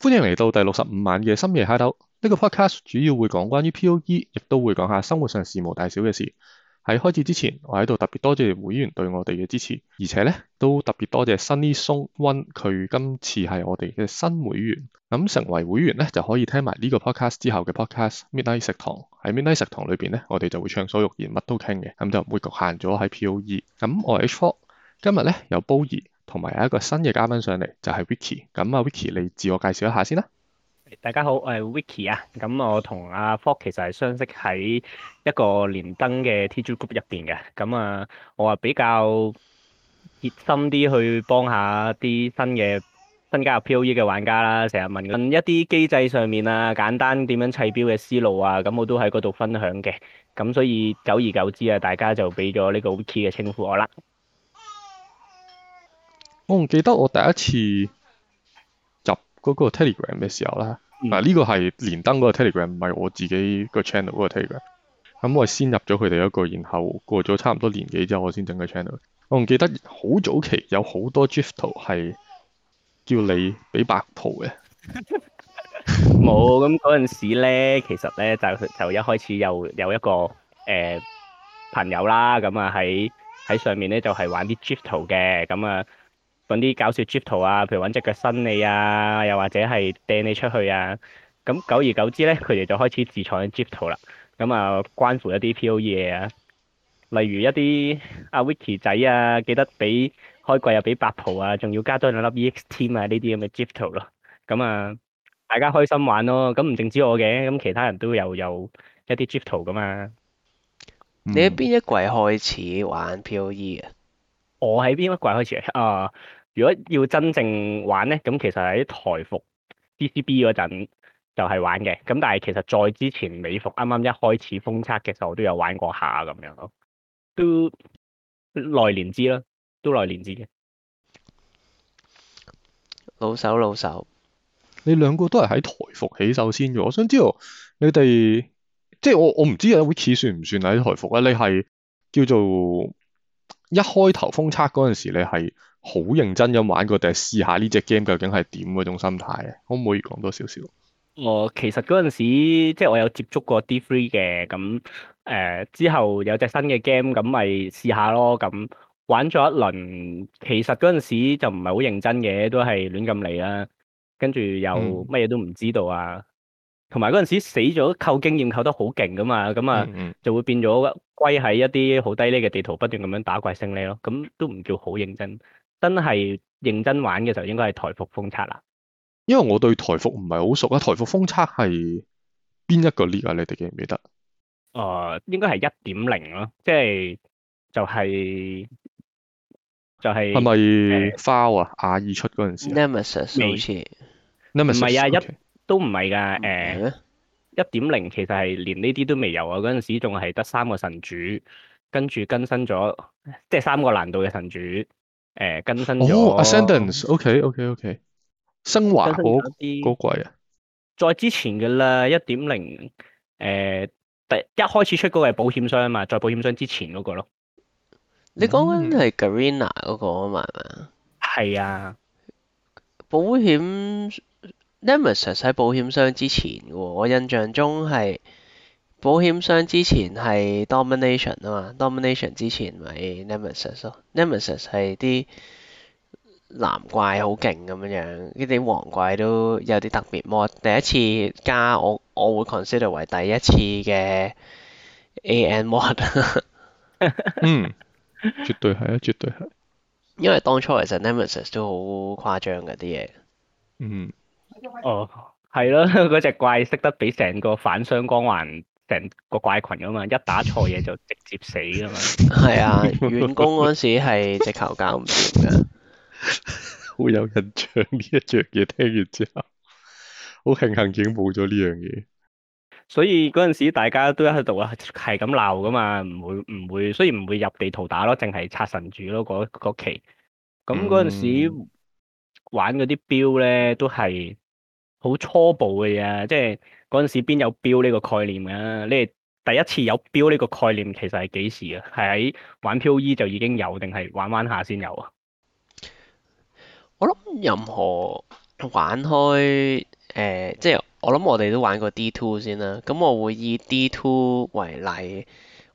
歡迎嚟到第六十五晚嘅深夜 Hideout 呢個 podcast 主要會講關於 POE，亦都會講下生活上事無大小嘅事。喺開始之前，我喺度特別多謝會員對我哋嘅支持，而且咧都特別多謝 Sunny 松 one 佢今次係我哋嘅新會員。咁成為會員咧就可以聽埋呢個 podcast 之後嘅 podcast Midnight 食堂喺 Midnight 食堂裏邊咧，我哋就會暢所欲言，乜都傾嘅。咁就唔會局限咗喺 POE。咁我 H Four，今日咧有煲兒。同埋有一個新嘅嘉賓上嚟，就係、是、Vicky。咁啊，Vicky，你自我介紹一下先啦。大家好，我係 Vicky 啊。咁我同阿 Ford 其實係相識喺一個連登嘅 TG Group 入邊嘅。咁啊，我啊比較熱心啲去幫一下啲新嘅新加入 POE 嘅玩家啦。成日問一啲機制上面啊，簡單點樣砌表嘅思路啊，咁我都喺嗰度分享嘅。咁所以久而久之啊，大家就俾咗呢個 Vicky 嘅稱呼我啦。我唔記得我第一次入嗰個 Telegram 嘅時候啦。嗱、嗯，呢、啊呢個係連登嗰個 Telegram，唔係我自己個 channel 嗰個 Telegram、嗯。咁我先入咗佢哋一個，然後過咗差唔多年幾之後我，我先整個 channel。我唔記得，好早期有好多 GIF 圖係叫你俾白圖嘅。 冇咁嗰陣時咧，其實咧就就一開始有有一個誒、呃、朋友啦，咁啊喺喺上面咧就係、是、玩啲 GIF 圖嘅，咁啊～揾啲搞笑 GIF 圖啊，譬如揾隻腳伸你啊，又或者係掟你出去啊。咁久而久之咧，佢哋就開始自創 GIF 圖啦。咁啊，關乎一啲 POE 啊，例如一啲阿 Vicky 仔啊，記得俾開櫃又俾八蒲啊，仲、啊、要加多兩粒 EX Team 啊，呢啲咁嘅 GIF 圖咯。咁啊，大家開心玩咯。咁唔淨止我嘅，咁其他人都有有一啲 GIF 圖噶嘛。你喺邊一季開始玩 POE 啊？嗯、我喺邊一季開始啊？如果要真正玩咧，咁其實喺台服 DCB 嗰陣就係玩嘅，咁但係其實再之前美服啱啱一開始封測嘅時候，我都有玩過下咁樣咯，都耐練之啦，都耐練之嘅，老手老手，你兩個都係喺台服起手先嘅，我想知道你哋即係我我唔知啊，會似算唔算喺台服啊？你係叫做一開頭封測嗰陣時你，你係？好認真咁玩過㗎，定係試下呢隻 game 究竟係點嗰種心態咧？可唔可以講多少少？我、呃、其實嗰陣時即係我有接觸過 D3 嘅，咁、呃、誒之後有隻新嘅 game 咁咪試下咯。咁玩咗一輪，其實嗰陣時就唔係好認真嘅，都係亂咁嚟啦。跟住又乜嘢都唔知道啊。同埋嗰陣時死咗，扣經驗扣得好勁噶嘛。咁啊就，就會變咗歸喺一啲好低呢嘅地圖，不斷咁樣打怪勝利咯。咁都唔叫好認真。真係認真玩嘅時候，應該係台服封測啦。因為我對台服唔係好熟啊，台服封測係邊一個呢、啊？你哋記唔記得？誒、呃，應該係一點零咯，即係就係、是、就係、是。係咪花啊？亞二出嗰陣時。Nemesis，好似未。Nemesis。唔係啊，一 Okay. 都唔係㗎，誒一點零其實係連呢啲都未有啊，嗰陣時仲係得三個神主，跟住更新咗即係三個難度嘅神主。誒，更新咗 Ascendence，OK，OK，OK，升華嗰啲高貴啊。再之前嘅啦，一點零誒，第一開始出嗰個係保險箱啊嘛，在保險箱之前嗰個咯。你講緊係 Garena 嗰個啊嘛？係、嗯、啊，保險 Nemesis 喺保險箱之前嘅，我印象中係。保險箱之前係 domination 啊嘛，domination 之前咪 nemesis 咯，nemesis 係啲藍怪好勁咁樣，呢啲黃怪都有啲特別 mod。第一次加我我會 consider 為第一次嘅 a n mod。嗯，絕對係啊，絕對係。因為當初其實 nemesis 都好誇張嘅啲嘢。嗯。哦、 嗯，係咯，嗰隻怪識得俾成個反傷光環。成個怪群噶嘛，一打錯嘢就直接死噶嘛。係啊，遠攻嗰陣時係直頭搞唔掂㗎！會有人唱呢一樣嘢，聽完之後好慶幸已經冇咗呢樣嘢。所以嗰陣時大家都喺度啊，係咁鬧噶嘛，唔會唔會，雖然唔會入地圖打咯，淨係拆神主咯嗰期。咁嗰陣時玩嗰啲標咧，都係好初步嘅嘢，即係。嗰陣時邊有 build 呢、er、個概念嘅？你哋第一次有 build 呢、er、個概念其實係幾時啊？係喺玩 POE、e、就已經有，定係玩玩下先有啊？我諗任何玩開誒、呃，即係我諗我哋都玩過 D2 先啦。咁我會以 D2 為例，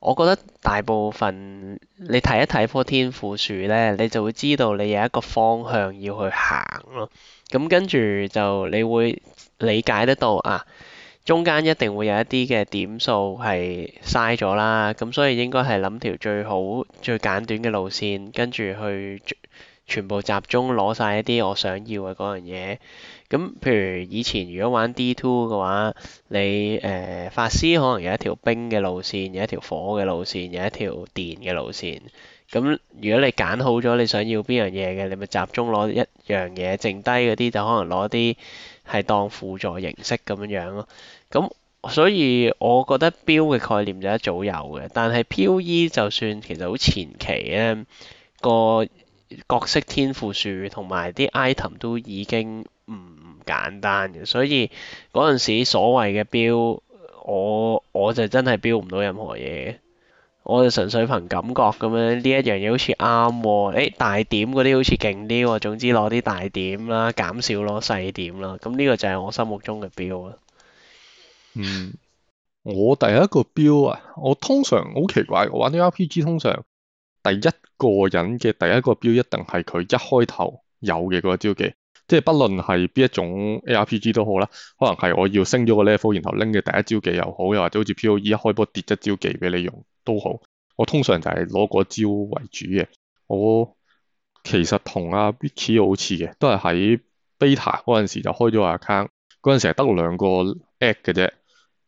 我覺得大部分你睇一睇棵天賦樹咧，你就會知道你有一個方向要去行咯。咁跟住就你會理解得到啊～中間一定會有一啲嘅點數係嘥咗啦，咁所以應該係諗條最好、最簡短嘅路線，跟住去全部集中攞晒一啲我想要嘅嗰樣嘢。咁譬如以前如果玩 D two 嘅話，你誒、呃、法師可能有一條冰嘅路線，有一條火嘅路線，有一條電嘅路線。咁如果你揀好咗你想要邊樣嘢嘅，你咪集中攞一樣嘢，剩低嗰啲就可能攞啲係當輔助形式咁樣樣咯。咁所以，我覺得標嘅概念就一早有嘅。但係 POE 就算其實好前期咧，呢個角色天賦樹同埋啲 item 都已經唔簡單嘅。所以嗰陣時所謂嘅標，我我就真係標唔到任何嘢。我就純粹憑感覺咁樣、哦，呢一樣嘢好似啱喎，大點嗰啲好似勁啲喎。總之攞啲大點啦，減少攞細點啦。咁呢個就係我心目中嘅標啦。嗯，我第一個標啊，我通常好奇怪，我玩 ARPG 通常第一個人嘅第一個標一定係佢一開頭有嘅嗰招技，即係不論係邊一種 A.R.P.G 都好啦，可能係我要升咗個 level，然後拎嘅第一招技又好，又或者好似 POE 一開波跌一招技畀你用都好，我通常就係攞嗰招為主嘅。我其實同阿 Bicky 好似嘅，都係喺 beta 嗰陣時就開咗個 account，嗰陣時係得兩個 app 嘅啫。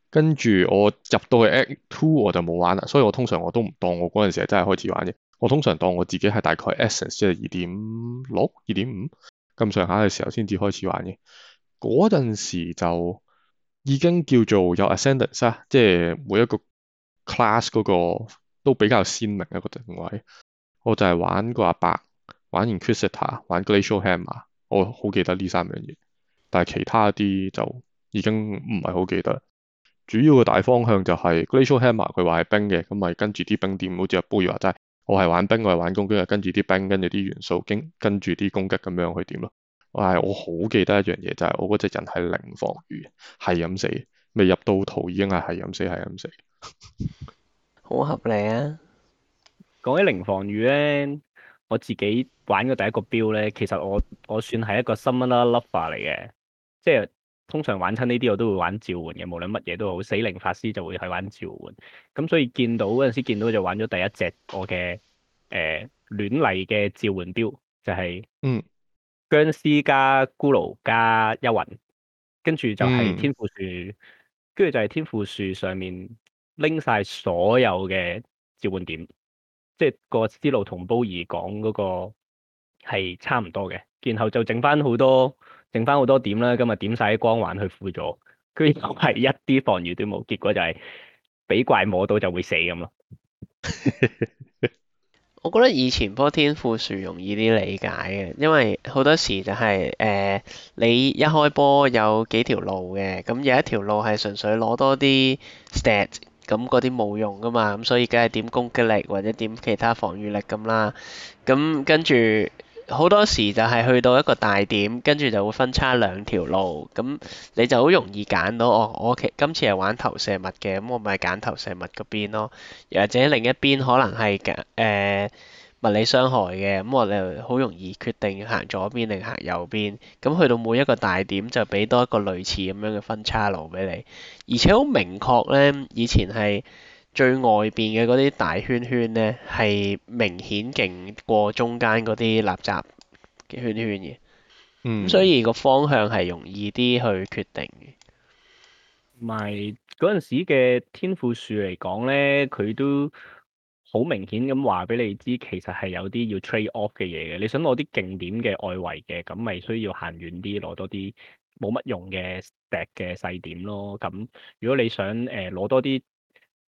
跟住我入到去 Act Two 我就冇玩啦，所以我通常我都唔當我嗰陣時係真係開始玩嘅，我通常當我自己係大概 Essence 即係二點六、二點五咁上下嘅時候先至開始玩嘅，嗰陣時就已經叫做有 Ascendancy 啦，啊，即係每一個 Class 嗰個都比較鮮明一個定位，我就係玩個阿伯，玩完 Crusader，玩 Glacial Hammer，我好記得呢三樣嘢，但係其他啲就已經唔係好記得。主要嘅大方向就係 Glacial Hammer，佢話係冰嘅，咁咪跟住啲冰點，好似阿杯話齋，我係玩冰，我係玩攻擊，跟住跟住啲冰，跟住啲元素，跟跟住啲攻擊咁樣去點咯。我、哎、係我好記得一樣嘢就係、是、我嗰隻人係零防禦，係飲死，未入到圖已經係係飲死，係飲死。好 合理啊！講起零防禦咧，我自己玩嘅第一個 Build 咧，其實我我算係一個 summoner lover 嚟嘅，即係。通常玩親呢啲我都會玩召喚嘅，無論乜嘢都好，死靈法師就會去玩召喚。咁所以見到嗰陣時見到就玩咗第一隻我嘅誒亂嚟嘅召喚標，就係、是、嗯僵屍加骷髏加幽魂，跟住就係天賦樹，跟住、嗯、就係天賦樹上面拎晒所有嘅召喚點，即、就、係、是、個思路同波爾講嗰個係差唔多嘅，然後就整翻好多。剩翻好多點啦，今日點晒啲光環去輔助，居然係一啲防禦都冇，結果就係俾怪摸到就會死咁咯。 我覺得以前波天賦樹容易啲理解嘅，因為好多時就係、是、誒、呃、你一開波有幾條路嘅，咁有一條路係純粹攞多啲 stat，咁嗰啲冇用噶嘛，咁所以梗係點攻擊力或者點其他防禦力咁啦，咁跟住。好多時就係去到一個大點，跟住就會分叉兩條路，咁你就好容易揀到。哦、我我今次係玩投射物嘅，咁我咪揀投射物嗰邊咯。又或者另一邊可能係揀、呃、物理傷害嘅，咁我就好容易決定行左邊定行右邊。咁去到每一個大點就俾多一個類似咁樣嘅分叉路俾你，而且好明確呢，以前係。最外邊嘅嗰啲大圈圈咧，係明顯勁過中間嗰啲垃圾嘅圈圈嘅。嗯。咁所以個方向係容易啲去決定嘅。唔係嗰陣時嘅天賦樹嚟講咧，佢都好明顯咁話俾你知，其實係有啲要 trade off 嘅嘢嘅。你想攞啲勁點嘅外圍嘅，咁咪需要行遠啲攞多啲冇乜用嘅疊嘅細點咯。咁如果你想誒攞、呃、多啲，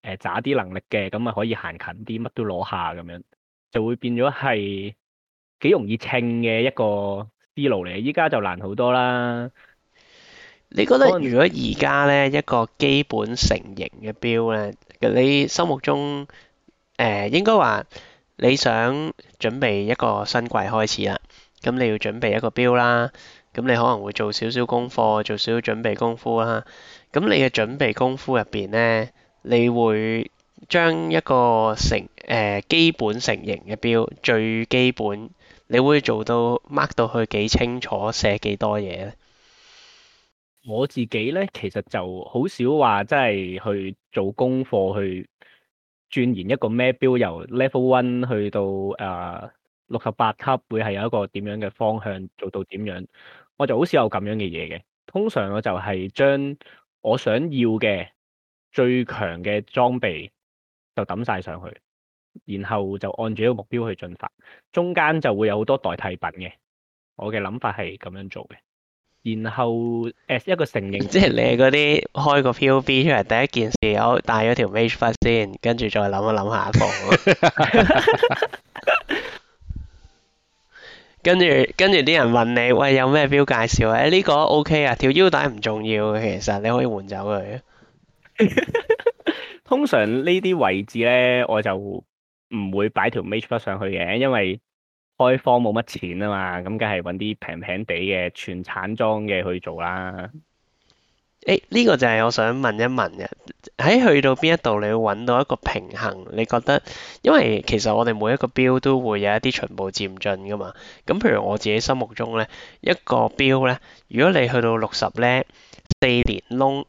誒，啲、呃、能力嘅，咁啊可以行近啲，乜都攞下咁樣，就會變咗係幾容易稱嘅一個思路嚟。依家就難好多啦。你覺得可能 如果而家呢一個基本成型嘅標呢，你心目中誒、呃，應該話你想準備一個新季開始啦，咁你要準備一個標啦，咁你可能會做少少功課，做少少準備功夫啦。咁你嘅準備功夫入邊呢。你會將一個成誒、呃、基本成型嘅標最基本，你會做到 mark 到去幾清楚，寫幾多嘢咧？我自己咧，其實就好少話，即係去做功課去鑽研一個咩標由 level one 去到誒六十八級，會係有一個點樣嘅方向做到點樣？我就好少有咁樣嘅嘢嘅。通常我就係將我想要嘅。最強嘅裝備就抌晒上去，然後就按住呢個目標去進發，中間就會有好多代替品嘅。我嘅諗法係咁樣做嘅。然後，誒、欸，一個承認，即係你嗰啲開個 PUB 出嚟，第一件事我帶咗條 v a g e 發先，跟住再諗一諗下一步。跟住，跟住啲人問你喂，有咩標介紹誒，呢、哎這個 OK 啊，條腰帶唔重要嘅，其實你可以換走佢。 通常呢啲位置咧，我就唔會擺條 Mageblood 上去嘅，因為開荒冇乜錢啊嘛，咁梗係搵啲平平地嘅全產裝嘅去做啦。誒、欸，呢、這個就係我想問一問嘅，喺去到邊一度你會搵到一個平衡？你覺得？因為其實我哋每一個 Build 都會有一啲循序漸進噶嘛。咁譬如我自己心目中咧，一個 Build 咧，如果你去到六十咧，四年窿。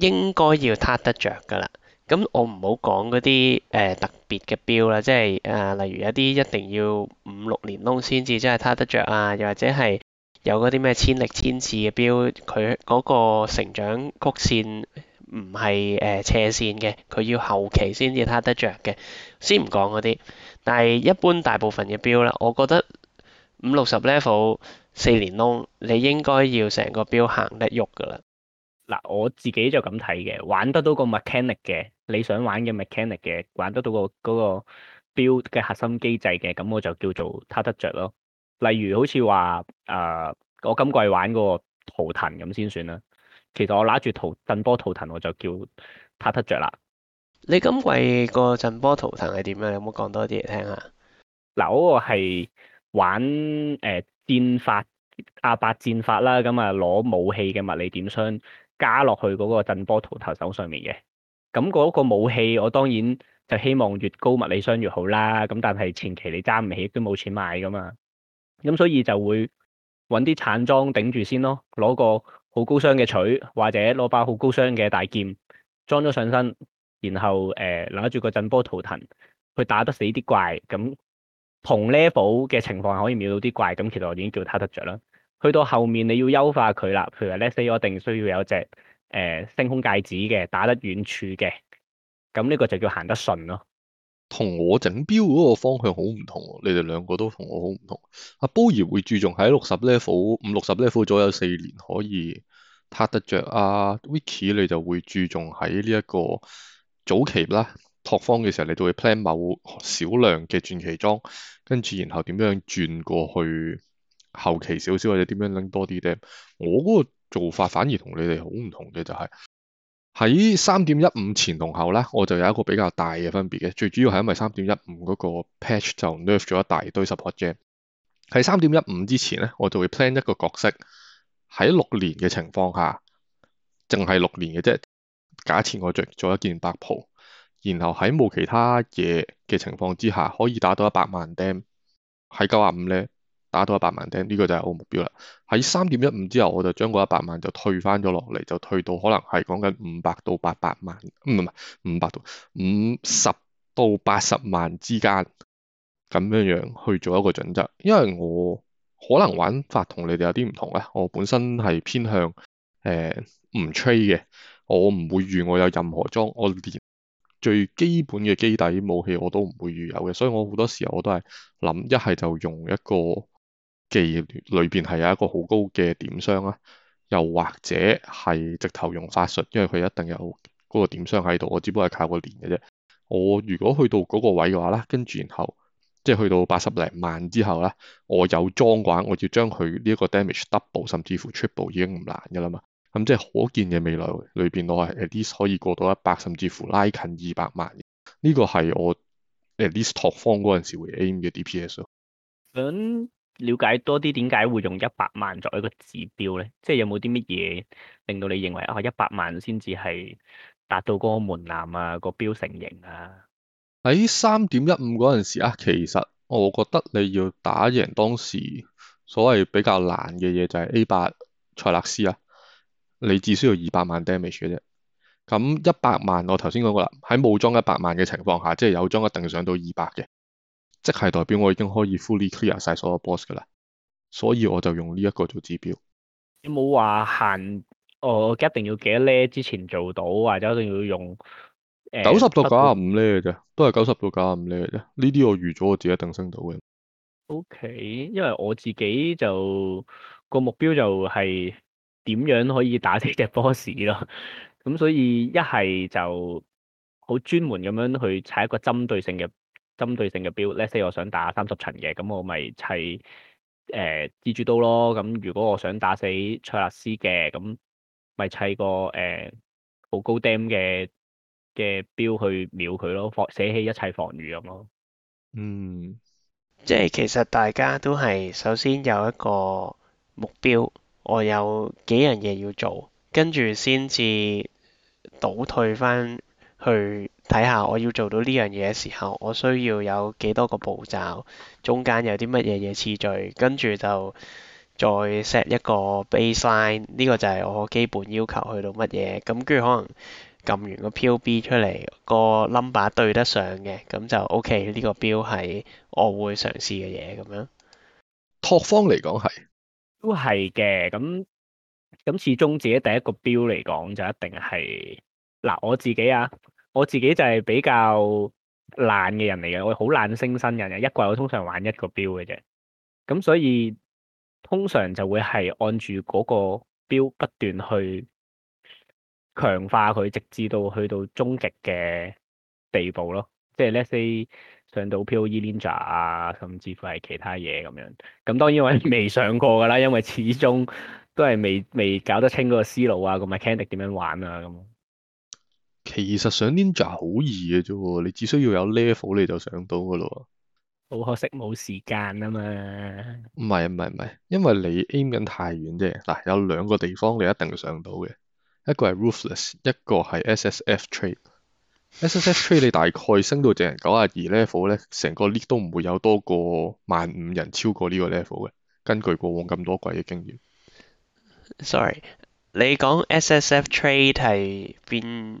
應該要撻得着㗎啦。咁我唔好講嗰啲誒特別嘅標啦，即係誒、呃、例如有啲一定要五六年窿先至，真係撻得着啊，又或者係有嗰啲咩千力千次嘅標，佢嗰個成長曲線唔係誒斜線嘅，佢要後期先至撻得着嘅。先唔講嗰啲，但係一般大部分嘅標啦，我覺得五六十 level 四年窿，你應該要成個標行得喐㗎啦。嗱，我自己就咁睇嘅，玩得到個 mechanic 嘅，你想玩嘅 mechanic 嘅，玩得到個嗰個 build 嘅核心機制嘅，咁我就叫做他得着咯。例如好似話，誒、呃，我今季玩個圖騰咁先算啦。其實我拿住圖震波圖騰，我就叫他得着啦。你今季個震波圖騰係點、那個呃、啊？有冇講多啲嚟聽下？嗱，嗰個係玩誒戰法阿伯戰法啦，咁啊攞武器嘅物理點傷。加落去嗰個震波圖騰手上面嘅，咁嗰個武器我當然就希望越高物理傷越好啦。咁但係前期你揸唔起，都冇錢買噶嘛。咁所以就會揾啲殘裝頂住先咯，攞個好高傷嘅錘或者攞把好高傷嘅大劍裝咗上身，然後誒揦住個震波圖騰去打得死啲怪。咁同 level 嘅情況下可以秒到啲怪，咁其實我已經叫他得着啦。去到後面你要優化佢啦，譬如 l e s s 定需要有隻誒、呃、星空戒指嘅打得遠處嘅，咁呢個就叫行得順咯。同我整標嗰個方向好唔同，你哋兩個都同我好唔同。阿波兒會注重喺六十 level、五六十 level 左右四年可以撻得着。啊，Wiki 你就會注重喺呢一個早期啦，拓荒嘅時候，你就會 plan 某少量嘅傳奇裝，跟住然後點樣轉過去。後期少少或者點樣拎多啲 Dem 我嗰個做法反而同你哋好唔同嘅就係喺三點一五前同後咧，我就有一個比較大嘅分別嘅。最主要係因為三點一五嗰個 patch 就 nerf 咗一大堆 support gem。喺三點一五之前咧，我就會 plan 一個角色喺六年嘅情況下，淨係六年嘅啫。假設我著咗一件白袍，然後喺冇其他嘢嘅情況之下，可以打到一百萬 Dem。喺九廿五咧。打到一百萬頂，呢個就係我目標啦。喺三點一五之後，我就將嗰一百萬就退翻咗落嚟，就退到可能係講緊五百到八百萬，唔係五百到五十到八十萬之間咁樣樣去做一個準則。因為我可能玩法你同你哋有啲唔同咧，我本身係偏向誒唔 trade 嘅，我唔會預我有任何裝，我連最基本嘅基底武器我都唔會預有嘅，所以我好多時候我都係諗一係就用一個。技能裏邊係有一個好高嘅點傷啦，又或者係直頭用法術，因為佢一定有嗰個點傷喺度。我只不過係靠個連嘅啫。我如果去到嗰個位嘅話啦，跟住然後即係去到八十零萬之後咧，我有裝嘅話，我要將佢呢一個 damage double 甚至乎 triple 已經唔難㗎啦嘛。咁即係可見嘅未來裏邊，裡面我係 at least 可以過到一百，甚至乎拉近二百萬。呢、這個係我 at least 拓方嗰陣時會 aim 嘅 DPS 咯。嗯了解多啲點解會用一百萬作為一個指標咧？即係有冇啲乜嘢令到你認為啊一百萬先至係達到嗰個門檻啊、個標成形啊？喺三點一五嗰陣時啊，其實我覺得你要打贏當時所謂比較難嘅嘢就係 A 八塞勒斯啊，你只需要二百萬 damage 嘅啫。咁一百萬我頭先講過啦，喺冇裝一百萬嘅情況下，即係有裝一定上到二百嘅。即係代表我已經可以 fully clear 晒所有 boss 噶啦，所以我就用呢一個做指標。你有冇話限我一定要幾多 level 之前做到，或者一定要用？九、呃、十到九十五 level 嘅，啫，都係九十到九十五 level 嘅。啫。呢啲我預咗我自己一定升到嘅。O、okay, K，因為我自己就個目標就係點樣可以打死隻 boss 咯。咁 所以一係就好專門咁樣去踩一個針對性嘅。針對性嘅標，例如我想打三十層嘅，咁我咪砌誒、呃、蜘蛛刀咯。咁如果我想打死蔡勒斯嘅，咁咪砌個誒好、呃、高 dam 嘅嘅標去秒佢咯，防捨棄一切防禦咁咯。嗯，即係其實大家都係首先有一個目標，我有幾樣嘢要做，跟住先至倒退返去。睇下我要做到呢樣嘢嘅時候，我需要有幾多個步驟，中間有啲乜嘢嘢次序，跟住就再 set 一個 baseline，呢個就係我基本要求去到乜嘢，咁跟住可能撳完個 POB 出嚟，個 number 對得上嘅，咁就 OK，呢個標係我會嘗試嘅嘢咁樣。拓荒嚟講係都係嘅，咁咁始終自己第一個標嚟講就一定係嗱我自己啊。我自己就係比較懶嘅人嚟嘅，我好懶升新人嘅，一季我通常玩一個標嘅啫，咁所以通常就會係按住嗰個標不斷去強化佢，直至到去到終極嘅地步咯，即係 let’s say 上到 Poe Ninja 啊，甚至乎係其他嘢咁樣。咁當然我未上過㗎啦， 因為始終都係未未搞得清嗰個思路啊，同埋 Candy 點樣玩啊咁。其實上 Ninja 好易嘅啫，你只需要有 level 你就上到噶啦。好可惜冇時間啊嘛。唔係唔係唔係，因為你 aim 緊太遠啫。嗱，有兩個地方你一定上到嘅，一個係 Ruthless，一個係 SSF Trade。SSF Trade 你大概升到淨係九啊二 level 咧，成個 league 都唔會有多過萬五人超過呢個 level 嘅。根據過往咁多季嘅經驗。Sorry，你講 SSF Trade 係邊？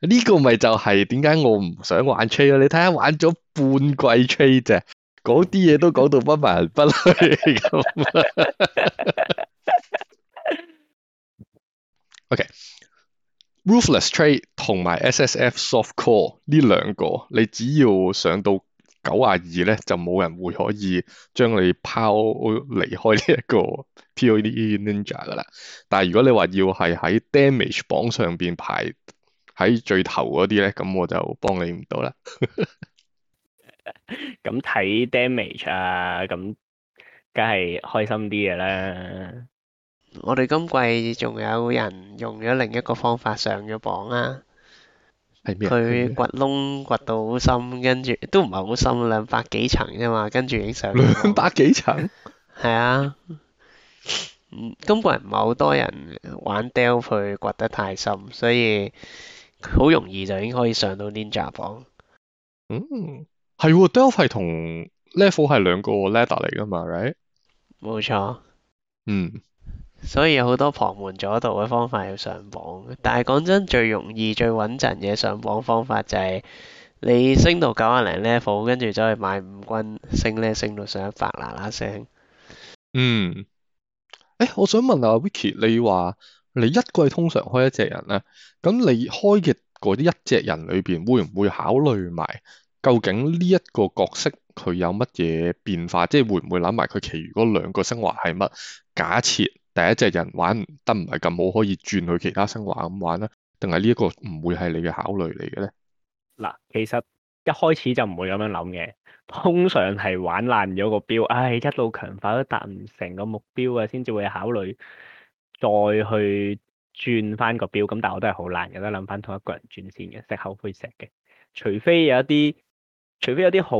呢 個咪就係點解我唔想玩 trade 咯，啊？你睇下玩咗半季 tr 不不 okay, trade 啫，啲嘢都講到不文不類。OK，ruthless trade 同埋 SSF soft core 呢兩個，你只要上到九廿二咧，就冇人會可以將你拋離開呢一個 Poe Ninja 噶啦。但係如果你話要係喺 damage 榜上邊排。喺最頭嗰啲咧，咁我就幫你唔到啦。咁睇 damage 啊，咁梗係開心啲嘅啦。我哋今季仲有人用咗另一個方法上咗榜啊！係咩？佢掘窿掘到好深，跟住都唔係好深，兩百幾層啫嘛，跟住影相。兩百幾層？係啊。嗯，今季唔係好多人玩 Delve 去掘得太深，所以。好容易就已經可以上到 Ninja 榜。嗯，係 Delve 係同 Level 係兩個 ladder 嚟噶嘛，right？冇錯錯。嗯。所以有好多旁門左道嘅方法要上榜，但係講真，最容易最穩陣嘅上榜方法就係你升到九十零 Level，跟住走去買五軍升咧，升到上一百啦啦聲。嗯。誒、欸，我想問下 Vicky 你話？你一個係通常開一隻人咧，咁你開嘅嗰啲一隻人裏邊會唔會考慮埋究竟呢一個角色佢有乜嘢變化？即係會唔會諗埋佢其餘嗰兩個升華係乜？假設第一隻人玩得唔係咁好，可以轉去其他升華咁玩咧，定係呢一個唔會係你嘅考慮嚟嘅咧？嗱，其實一開始就唔會咁樣諗嘅，通常係玩爛咗個標，唉、哎，一路強化都達唔成個目標啊，先至會考慮。再去轉翻個表咁，但係我都係好難嘅，得諗翻同一個人轉線嘅，食口灰石嘅。除非有一啲，除非有啲好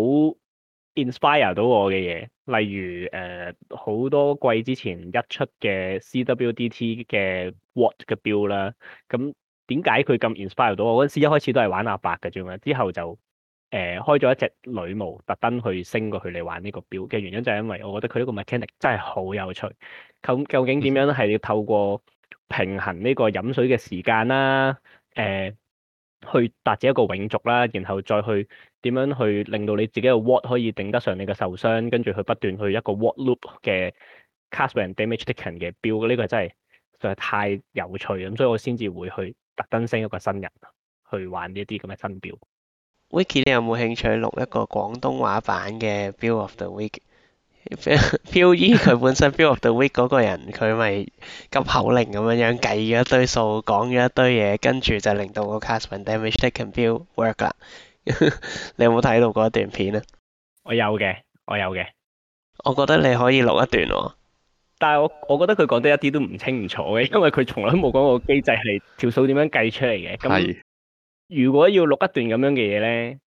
inspire 到我嘅嘢，例如誒呃、好多季之前一出嘅 CWDT 嘅 what 嘅表啦，咁點解佢咁 inspire 到我？嗰陣時一開始都係玩阿伯嘅啫嘛，之後就～誒、呃，開咗一隻女巫，特登去升過去嚟，玩呢個表嘅原因就係因為我覺得佢呢個 mechanic 真係好有趣。咁究竟點樣咧？係要透過平衡呢個飲水嘅時間啦、啊，誒、呃，去達至一個永續啦、啊，然後再去點樣去令到你自己嘅 Ward 可以頂得上你嘅受傷，跟住去不斷去一個 Ward loop 嘅 cast when damage taken 嘅表，呢、這個真係實在太有趣咁，所以我先至會去特登升一個新人去玩呢一啲咁嘅新表。Wiki，你有冇興趣錄一個廣東話版嘅 Bill of the Week？Build E 佢本身 Build of the Week 嗰、 e. 個人，佢咪 急口令咁樣樣計咗一堆數，講咗一堆嘢，跟住就令到個 cast and damage taken build work 啦。 你有冇睇到嗰一段片啊？我有嘅，我有嘅。我覺得你可以錄一段喎、哦。但係我我覺得佢講得一啲都唔清唔楚嘅，因為佢從來冇講過機制係條數點樣計出嚟嘅。係。如果要錄一段咁樣嘅嘢咧，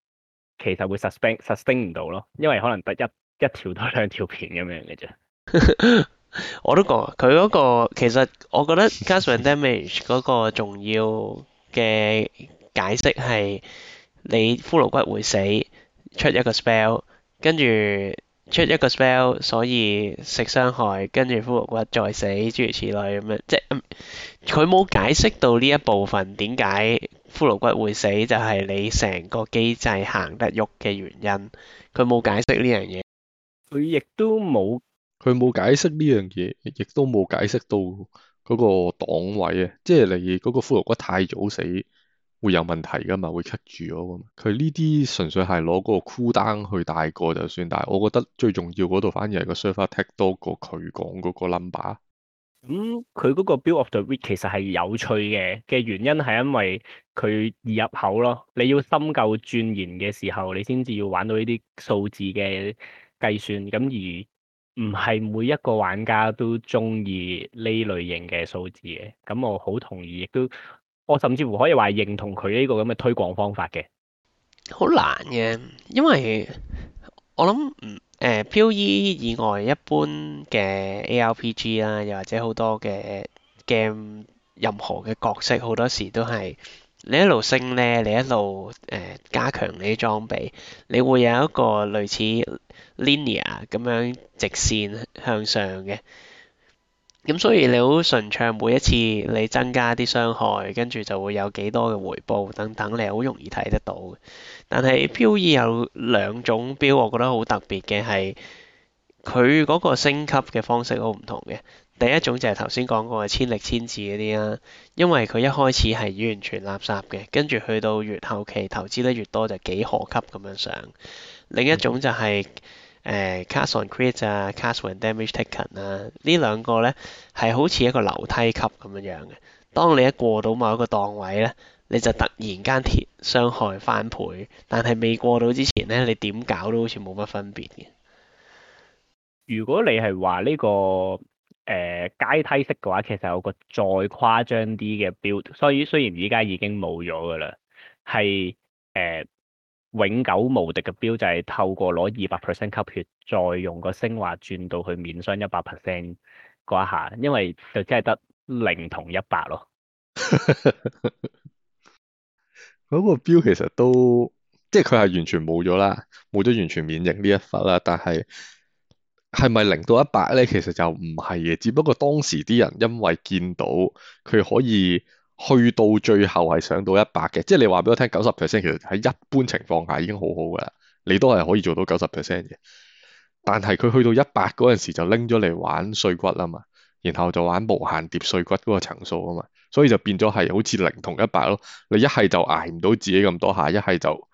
其實會 suspend suspend 唔到咯，因為可能得一一條多兩條片咁樣嘅啫。我都覺佢嗰、嗰個，其實我覺得 cast damage 嗰個重要嘅解釋係，你骷髏骨會死出一個 spell，跟住。出一個 spell，所以食傷害，跟住骷髏骨再死，諸如此類咁樣，即係佢冇解釋到呢一部分點解骷髏骨會死，就係你成個機制行得喐嘅原因。佢冇解釋呢樣嘢，佢亦都冇，佢冇解釋呢樣嘢，亦都冇解釋到嗰個檔位啊，即係你嗰個骷髏骨太早死。會有問題㗎嘛，會 cut 住咗㗎嘛。佢呢啲純粹係攞嗰個 cooldown 去大個就算，但係我覺得最重要嗰度反而係個 server 踢多過佢講嗰個 number。咁佢嗰個 Build of the Week 其實係有趣嘅，嘅原因係因為佢易入口咯。你要深究鑽研嘅時候，你先至要玩到呢啲數字嘅計算。咁而唔係每一個玩家都中意呢類型嘅數字嘅。咁我好同意，亦都。我甚至乎可以話認同佢呢個咁嘅推廣方法嘅，好難嘅，因為我諗，嗯、呃，誒，POE 以外，一般嘅 ARPG 啦，又或者好多嘅 game，任何嘅角色，好多時都係，你一路升咧，你一路誒、呃、加強你啲裝備，你會有一個類似 linear 咁樣直線向上嘅。咁、嗯、所以你好順暢，每一次你增加啲傷害，跟住就會有幾多嘅回報等等，你好容易睇得到。但係標二有兩種標，我覺得好特別嘅係佢嗰個升級嘅方式好唔同嘅。第一種就係頭先講過嘅千力千字嗰啲啦，因為佢一開始係完全垃圾嘅，跟住去到越後期投資得越多就幾何級咁樣上。另一種就係、是。誒、嗯、cast on crit 啊，cast on damage taken 啊，呢兩個咧係好似一個樓梯級咁樣樣嘅。當你一過到某一個檔位咧，你就突然間鐵傷害翻倍，但係未過到之前咧，你點搞都好似冇乜分別嘅。如果你係話呢個誒階、呃、梯式嘅話，其實有個再誇張啲嘅 build，所以雖然依家已經冇咗㗎啦，係誒。呃永久無敵嘅標就係透過攞二百 percent 吸血，再用個升華轉到去免傷一百 percent 嗰一下，因為就真係得零同一百咯。嗰 個標其實都即係佢係完全冇咗啦，冇咗完全免疫呢一忽啦。但係係咪零到一百咧？其實就唔係嘅，只不過當時啲人因為見到佢可以。去到最後係上到一百嘅，即係你話俾我聽九十 percent，其實喺一般情況下已經好好嘅啦。你都係可以做到九十 percent 嘅，但係佢去到一百嗰陣時就拎咗嚟玩碎骨啊嘛，然後就玩無限疊碎骨嗰個層數啊嘛，所以就變咗係好似零同一百咯。你一係就捱唔到自己咁多下，一係就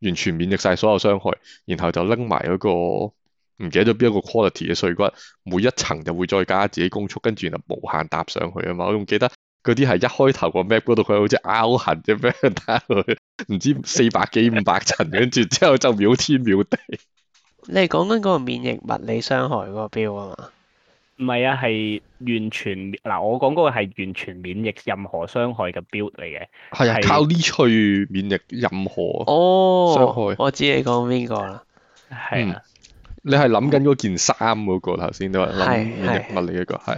完全免疫晒所有傷害，然後就拎埋嗰個唔記得咗邊一個 quality 嘅碎骨，每一層就會再加自己攻速，跟住就無限搭上去啊嘛。我仲記得。嗰啲係一開頭個 map 嗰度，佢好似凹痕啫，俾人打佢，唔知四百幾五百層，跟住之後就秒天秒地 。你係講緊個免疫物理傷害嗰個標啊嘛？唔係啊，係完全嗱、啊，我講嗰個係完全免疫任何傷害嘅 build 嚟嘅。係啊，是靠呢去免疫任何傷哦傷害。我知你講邊個啦，係 啊。嗯你係諗緊嗰件衫嗰、那個頭先，都話諗物理嗰個係，啲是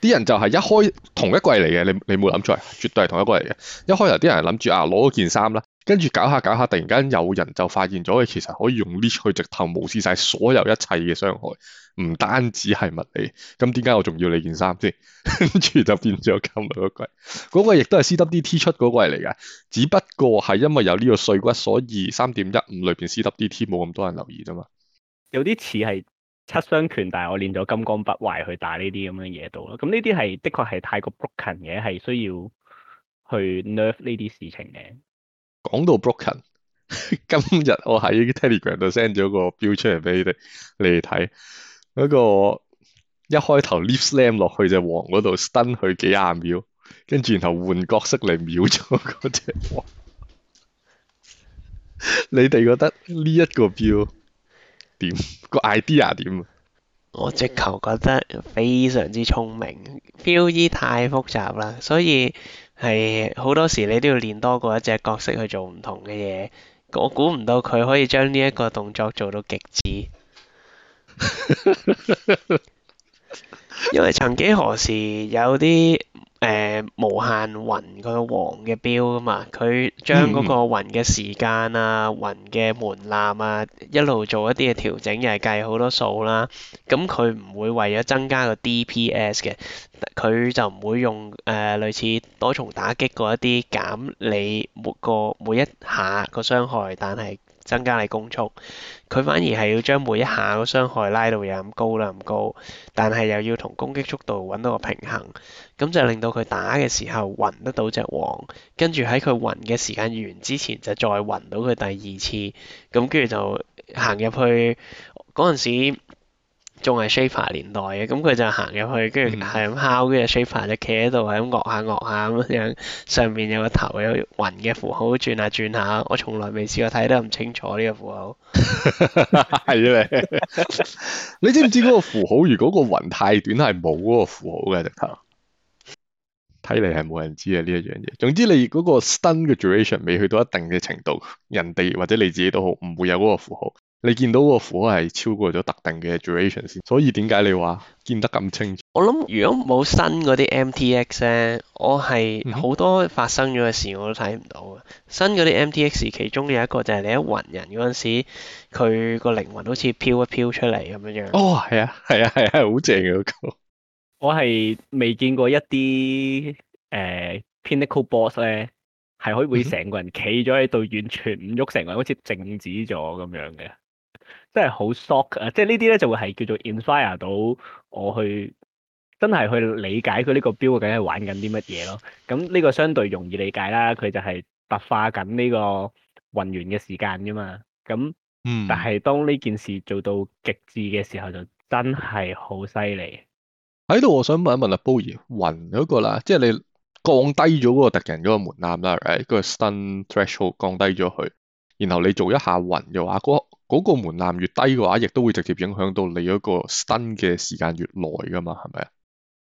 是 是人就係一開同一季嚟嘅，你你冇諗錯，絕對係同一個嚟嘅。一開頭啲人諗住啊，攞件衫啦，跟住搞下搞下，突然間有人就發現咗，其實可以用 reach 去直頭無視晒所有一切嘅傷害，唔單止係物理。咁點解我仲要你件衫先？跟 住就變咗今日一季，嗰、那個亦都係 CWDT 出嗰個嚟嘅，只不過係因為有呢個碎骨，所以三點一五裏邊 CWDT 冇咁多人留意啫嘛。有啲似係七傷拳，但係我練咗金剛不壞去打呢啲咁樣嘢度咯。咁呢啲係的確係太過 broken 嘅，係需要去 nerf 呢啲事情嘅。講到 broken，今日我喺 Telegram 度 send 咗個標出嚟俾你哋，你哋睇嗰個一開頭 leap slam 落去隻王嗰度 stun 佢幾廿秒，跟住然後換角色嚟秒咗嗰隻王。 你哋覺得呢一個標？點個 idea 點？我直頭覺得非常之聰明，feel 太複雜啦，所以係好多時你都要練多過一隻角色去做唔同嘅嘢。我估唔到佢可以將呢一個動作做到極致。 因為曾幾何時有啲。誒、呃，無限暈佢個黃嘅標啊嘛，佢將嗰個暈嘅時間啊，暈嘅門檻啊，一路做一啲嘅調整，又係計好多數啦。咁佢唔會為咗增加個 DPS 嘅，佢就唔會用誒、呃、類似多重打擊嗰一啲減你每個每一下個傷害，但係，增加你攻速，佢反而係要將每一下嘅傷害拉到有咁高啦，咁高，但係又要同攻擊速度揾到個平衡，咁就令到佢打嘅時候暈得到隻王，跟住喺佢暈嘅時間完之前就再暈到佢第二次，咁跟住就行入去嗰陣時。仲係 shaper 年代嘅，咁佢就行入去，跟住係咁敲，跟住 shaper 就企喺度，係咁惡下惡下咁樣，上面有個頭有雲嘅符號轉下轉下，我從來未試過睇得咁清楚呢個符號。係啊，你知唔知嗰個符號？如果個雲太短，係冇嗰個符號嘅。直頭睇嚟係冇人知啊呢一樣嘢。總之你嗰個 stun 嘅 duration 未去到一定嘅程度，人哋或者你自己都好，唔會有嗰個符號。你見到個火係超過咗特定嘅 duration 先，所以點解你話見得咁清楚？我諗如果冇新嗰啲 MTX 咧，我係好多發生咗嘅事我都睇唔到嘅。新嗰啲 MTX 其中有一個就係你一暈人嗰陣時，佢個靈魂好似飄一飄出嚟咁樣樣。哦，係啊，係啊，係啊，好正啊！ 我係未見過一啲誒、呃、Pinnacle boss 咧係可以會成個人企咗喺度，嗯、完全唔喐，成個人好似靜止咗咁樣嘅。即係好 shock 啊！即係呢啲咧就會係叫做 inspire 到我去真係去理解佢呢個 build、er, 究竟係玩緊啲乜嘢咯。咁呢個相對容易理解啦，佢就係白化緊呢個暈眩嘅時間噶嘛。咁，嗯，但係當呢件事做到極致嘅時候，就真係好犀利。喺度、嗯，我想問一問阿 Booy 暈嗰個啦，即係你降低咗嗰個敵人嗰、right? 個門檻啦，誒，個 stun threshold 降低咗佢，然後你做一下暈嘅話，嗰個嗰個門檻越低嘅話，亦都會直接影響到你嗰個 stun 嘅時間越耐㗎嘛，係咪啊？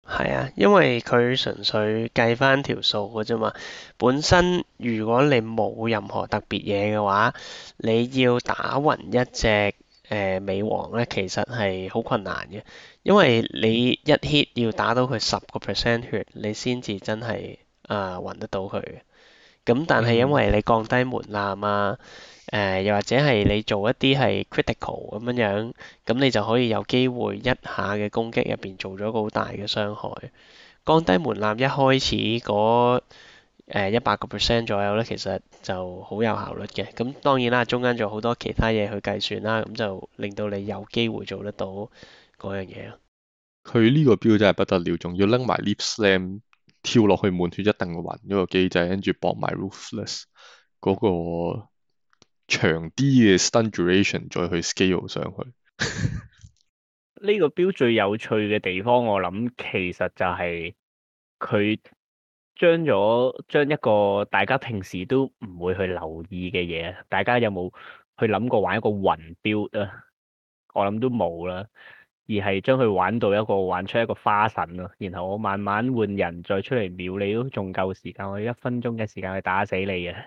係啊，因為佢純粹計翻條數嘅啫嘛。本身如果你冇任何特別嘢嘅話，你要打暈一隻誒、呃、美王咧，其實係好困難嘅，因為你一 hit 要打到佢十個 percent 血，你先至真係啊暈得到佢嘅。咁但係因為你降低門檻啊。誒，又或者係你做一啲係 critical 咁樣樣，咁你就可以有機會一下嘅攻擊入邊做咗個好大嘅傷害。降低門檻一開始嗰一百個 percent 左右咧，其實就好有效率嘅。咁當然啦，中間仲有好多其他嘢去計算啦，咁就令到你有機會做得到嗰樣嘢咯。佢呢個標真係不得了，仲要拎埋 Leap Slam 跳落去滿血一定暈嗰個機制，跟住博埋 Ruthless 嗰個。長啲嘅 stun duration 再去 scale 上去 。呢個 build、er、最有趣嘅地方，我諗其實就係佢將咗將一個大家平時都唔會去留意嘅嘢。大家有冇去諗過玩一個雲 build 啊？我諗都冇啦，而係將佢玩到一個玩出一個花神咯。然後我慢慢換人再出嚟，秒你，都仲夠時間，我一分鐘嘅時間去打死你嘅。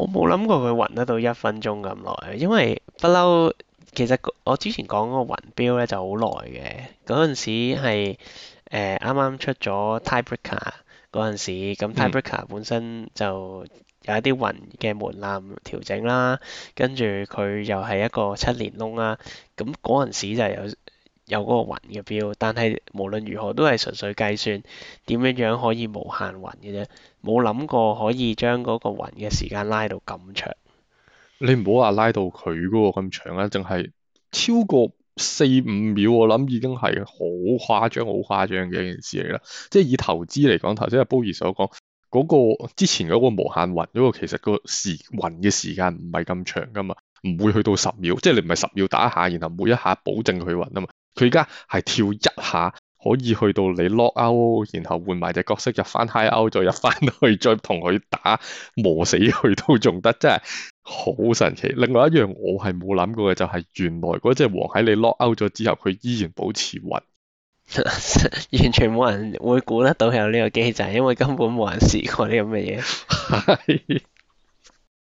我冇諗過佢暈得到一分鐘咁耐，因為不嬲。其實我之前講嗰個暈標咧就好耐嘅，嗰陣時係啱啱出咗 Type Breaker 嗰陣時，咁 Type Breaker 本身就有一啲暈嘅門檻調整啦，跟住佢又係一個七連窿啦，咁嗰陣時就係有。有嗰個雲嘅標，但係無論如何都係純粹計算點樣樣可以無限雲嘅啫，冇諗過可以將嗰個雲嘅時間拉到咁長。你唔好話拉到佢嗰個咁長啊，淨係超過四五秒，我諗已經係好誇張、好誇張嘅一件事嚟啦。即係以投資嚟講，頭先阿 b o e 所講嗰、那個之前嗰個無限雲嗰個，其實個時雲嘅時間唔係咁長噶嘛，唔會去到十秒，即係你唔係十秒打一下，然後每一下保證佢雲啊嘛。佢而家係跳一下，可以去到你 log out，然後換埋隻角色入翻 hideout，再入翻去再同佢打磨死佢都仲得，真係好神奇。另外一樣我係冇諗過嘅就係，原來嗰隻王喺你 log out 咗之後，佢依然保持暈， 完全冇人會估得到有呢個機制，因為根本冇人試過呢咁嘅嘢。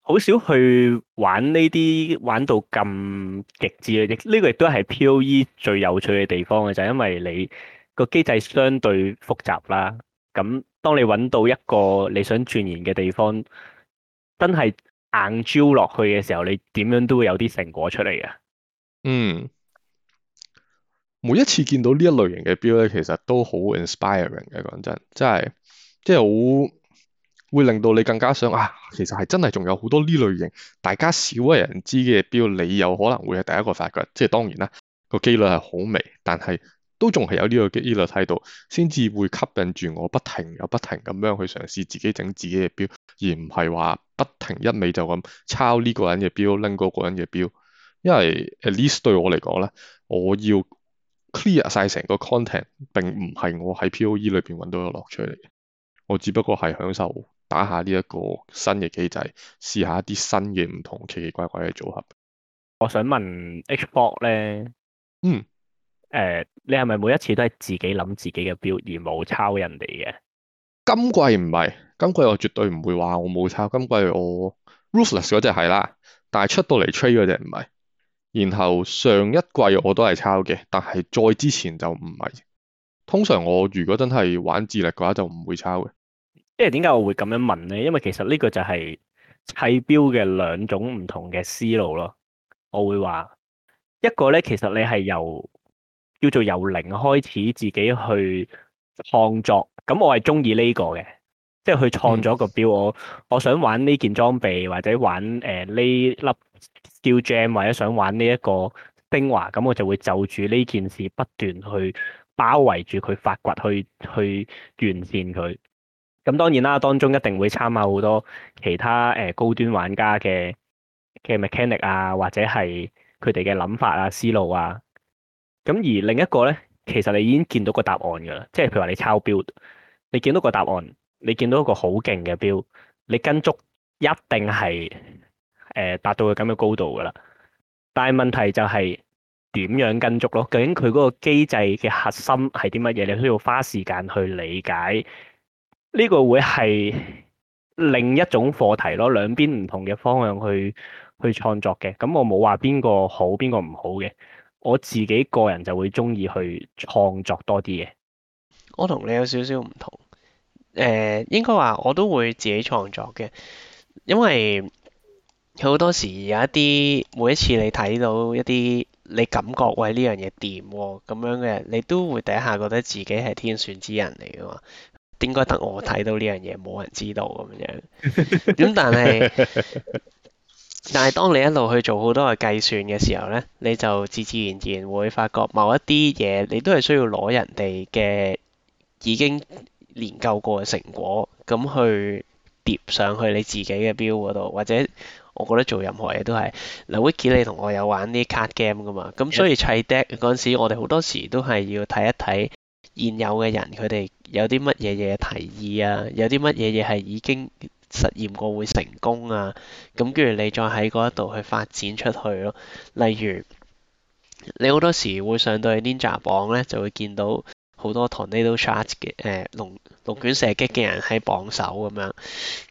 好少去玩呢啲，玩到咁極致啊！亦呢個亦都係 POE 最有趣嘅地方嘅，就係因為你個機制相對複雜啦。咁當你揾到一個你想鑽研嘅地方，真係硬招落去嘅時候，你點樣都會有啲成果出嚟嘅。嗯，每一次見到呢一類型嘅標咧，其實都好 inspiring 嘅。講真，真係，即係好。會令到你更加想啊，其實係真係仲有好多呢類型，大家少為人知嘅標，你有可能會係第一個發掘。即係當然啦，個機率係好微，但係都仲係有呢個機率喺度，先至會吸引住我不，不停又不停咁樣去嘗試自己整自己嘅標，而唔係話不停一味就咁抄呢個人嘅標，拎嗰個人嘅標。因為 at least 對我嚟講咧，我要 clear 晒成個 content，並唔係我喺 POE 裏邊揾到嘅樂趣嚟嘅。我只不過係享受。打下呢一個新嘅機制，試下一啲新嘅唔同奇奇怪怪嘅組合。我想問 Xbox 咧，嗯，誒，uh，你係咪每一次都係自己諗自己嘅 Build，er，而冇抄人哋嘅？今季唔係，今季我絕對唔會話我冇抄。今季我 Ruthless 嗰隻係啦，但係出到嚟 trade 嗰隻唔係。然後上一季我都係抄嘅，但係再之前就唔係。通常我如果真係玩智力嘅話，就唔會抄嘅。即係點解我會咁樣問咧？因為其實呢個就係砌 Build 嘅兩種唔同嘅思路咯。我會話一個咧，其實你係由叫做由零開始自己去創作。咁我係中意呢個嘅，即係去創作一個 Build。嗯、我我想玩呢件裝備，或者玩誒呢、呃、粒 skill gem，或者想玩呢一個冰華，咁我就會就住呢件事不斷去包圍住佢，發掘去去完善佢。咁當然啦，當中一定會參考好多其他誒、呃、高端玩家嘅嘅 mechanic 啊，或者係佢哋嘅諗法啊、思路啊。咁而另一個咧，其實你已經見到個答案㗎啦，即係譬如話你抄 build，你見到個答案，你見到一個好勁嘅 build，你跟足一定係誒、呃、達到佢咁嘅高度㗎啦。但係問題就係點樣跟足咯？究竟佢嗰個機制嘅核心係啲乜嘢？你需要花時間去理解。呢個會係另一種課題咯，兩邊唔同嘅方向去去創作嘅。咁我冇話邊個好，邊個唔好嘅。我自己個人就會中意去創作多啲嘢。我同你有少少唔同，誒、呃，應該話我都會自己創作嘅，因為好多時有一啲，每一次你睇到一啲你感覺喂呢、哦、樣嘢掂咁樣嘅，你都會第一下覺得自己係天選之人嚟噶嘛。應該得我睇到呢樣嘢，冇人知道咁樣。咁但係，但係 當你一路去做好多嘅計算嘅時候呢，你就自自然然會發覺某一啲嘢，你都係需要攞人哋嘅已經研究過嘅成果，咁去疊上去你自己嘅表嗰度，或者我覺得做任何嘢都係。嗱 Wicky 你同我有玩啲 card game 噶嘛？咁所以砌 deck 嗰陣時，我哋好多時都係要睇一睇。現有嘅人，佢哋有啲乜嘢嘢提議啊？有啲乜嘢嘢係已經實驗過會成功啊？咁跟住你再喺嗰一度去發展出去咯。例如，你好多時會上到去 Ninja 榜咧，就會見到。好多 Tornado Shot 嘅誒龍龍捲射擊嘅人喺榜首咁樣，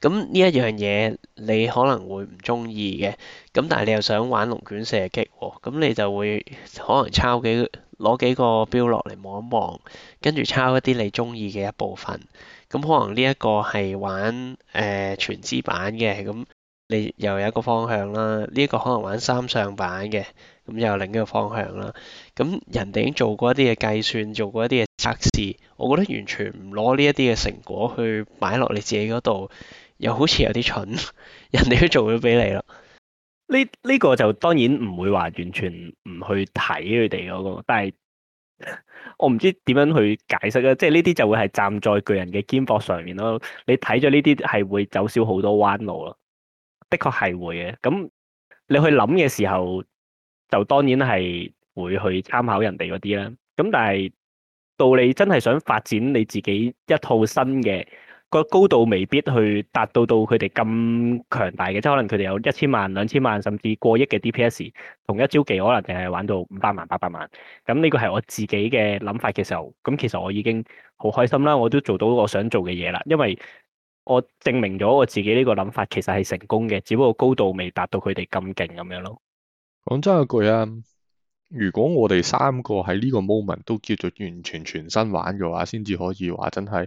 咁呢一樣嘢你可能會唔中意嘅，咁但係你又想玩龍捲射擊喎，咁你就會可能抄幾攞幾個標落嚟望一望，跟住抄一啲你中意嘅一部分，咁可能呢一個係玩誒、呃、全資版嘅，咁你又有一個方向啦，呢、這、一個可能玩三上版嘅，咁又另一個方向啦。咁人哋已經做過一啲嘅計算，做過一啲嘅測試，我覺得完全唔攞呢一啲嘅成果去買落你自己嗰度，又好似有啲蠢，人哋都做咗俾你咯。呢呢、呢個就當然唔會話完全唔去睇佢哋嗰個，但係我唔知點樣去解釋啊。即係呢啲就會係站在巨人嘅肩膊上面咯。你睇咗呢啲係會走少好多彎路咯。的確係會嘅。咁你去諗嘅時候，就當然係。會去參考人哋嗰啲啦，咁但係到你真係想發展你自己一套新嘅個高度，未必去達到到佢哋咁強大嘅，即係可能佢哋有一千萬、兩千萬，甚至過億嘅 DPS，同一招技可能淨係玩到五百萬、八百萬。咁呢個係我自己嘅諗法嘅時候，咁其實我已經好開心啦，我都做到我想做嘅嘢啦，因為我證明咗我自己呢個諗法其實係成功嘅，只不過高度未達到佢哋咁勁咁樣咯。講真一句啊～如果我哋三個喺呢個 moment 都叫做完全全新玩嘅話，先至可以話真係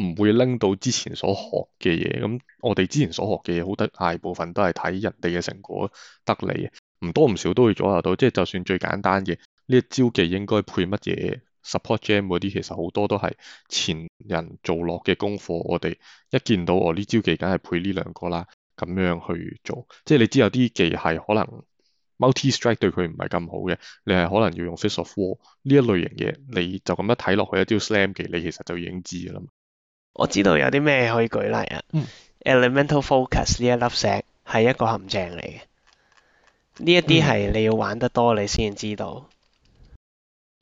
唔會拎到之前所學嘅嘢。咁、嗯、我哋之前所學嘅嘢，好得大部分都係睇人哋嘅成果得嚟嘅，唔多唔少都會左右到。即係就算最簡單嘅呢招技應該配乜嘢 support gem 嗰啲，其實好多都係前人做落嘅功課。我哋一見到我呢招技，梗係配呢兩個啦，咁樣去做。即係你知有啲技係可能 Multi strike 對佢唔係咁好嘅，你係可能要用 Fist of War 呢一類型嘢，你就咁一睇落去一招 Slam 嘅，你其實就已經知㗎啦。我知道有啲咩可以舉例啊。嗯、Elemental Focus 呢一粒石係一個陷阱嚟嘅，呢一啲係你要玩得多你先知道。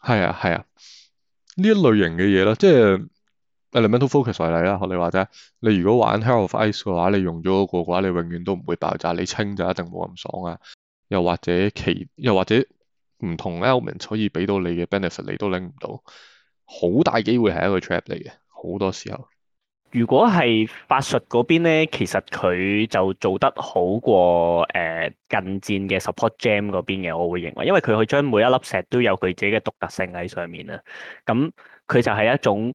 係啊係啊，呢、啊、一類型嘅嘢啦，即係 Elemental Focus 為例啦，學你話齋。你如果玩 Herald of Ice 嘅話，你用咗嗰個嘅話，你永遠都唔會爆炸，你清就一定冇咁爽啊。又或者其，又或者唔同 element 可以俾到你嘅 benefit，你都拎唔到，好大機會係一個 trap 嚟嘅，好多時候。如果係法術嗰邊咧，其實佢就做得好過誒、呃、近戰嘅 support gem 嗰邊嘅，我會認為，因為佢去將每一粒石都有佢自己嘅獨特性喺上面啊，咁佢就係一種，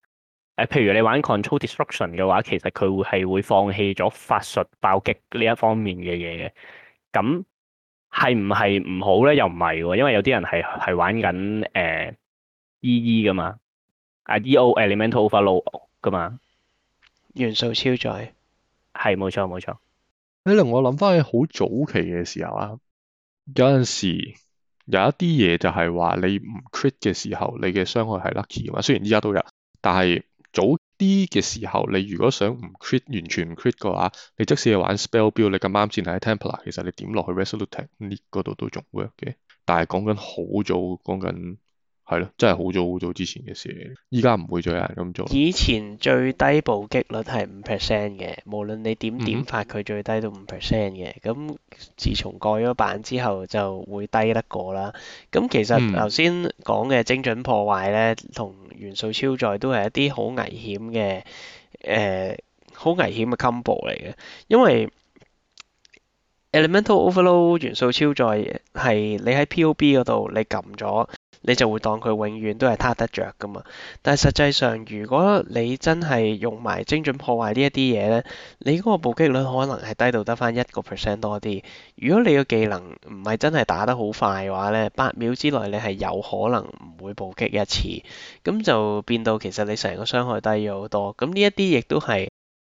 誒，譬如你玩 Controlled Destruction 嘅話，其實佢會係會放棄咗法術爆擊呢一方面嘅嘢嘅。咁係唔係唔好咧？又唔係喎，因為有啲人係係玩緊誒、呃、EE 噶嘛 Elemental Overload 噶嘛，EO, 嘛元素超載，係冇錯冇錯。誒，令我諗翻起好早期嘅時候啊，有陣時有一啲嘢就係話你唔 crit 嘅時候，你嘅傷害係 lucky 嘅嘛。雖然依家都有，但係。早啲嘅時候，你如果想唔 crit 完全唔 crit 嘅話，你即使係玩 spell build，你咁啱先喺 Templar，其實你點落去 Resolute Technique 嗰度都仲 work 嘅。但係講緊好早，講緊。係咯，真係好早好早之前嘅事嚟。依家唔會再有人咁做。以前最低暴擊率係五 percent 嘅，無論你點點發佢最低都五 percent 嘅。咁自從改咗版之後就會低得過啦。咁其實頭先講嘅精準破壞咧，同、mm hmm. 元素超載都係一啲好危險嘅誒，好、呃、危險嘅 combo 嚟嘅。因為 elemental overload 元素超載係你喺 POB 嗰度你撳咗。你就會當佢永遠都係他得着㗎嘛。但係實際上，如果你真係用埋精準破壞呢一啲嘢呢，你嗰個暴擊率可能係低到得返一個 percent 多啲。如果你個技能唔係真係打得好快嘅話呢，八秒之內你係有可能唔會暴擊一次，咁就變到其實你成個傷害低咗好多。咁呢一啲亦都係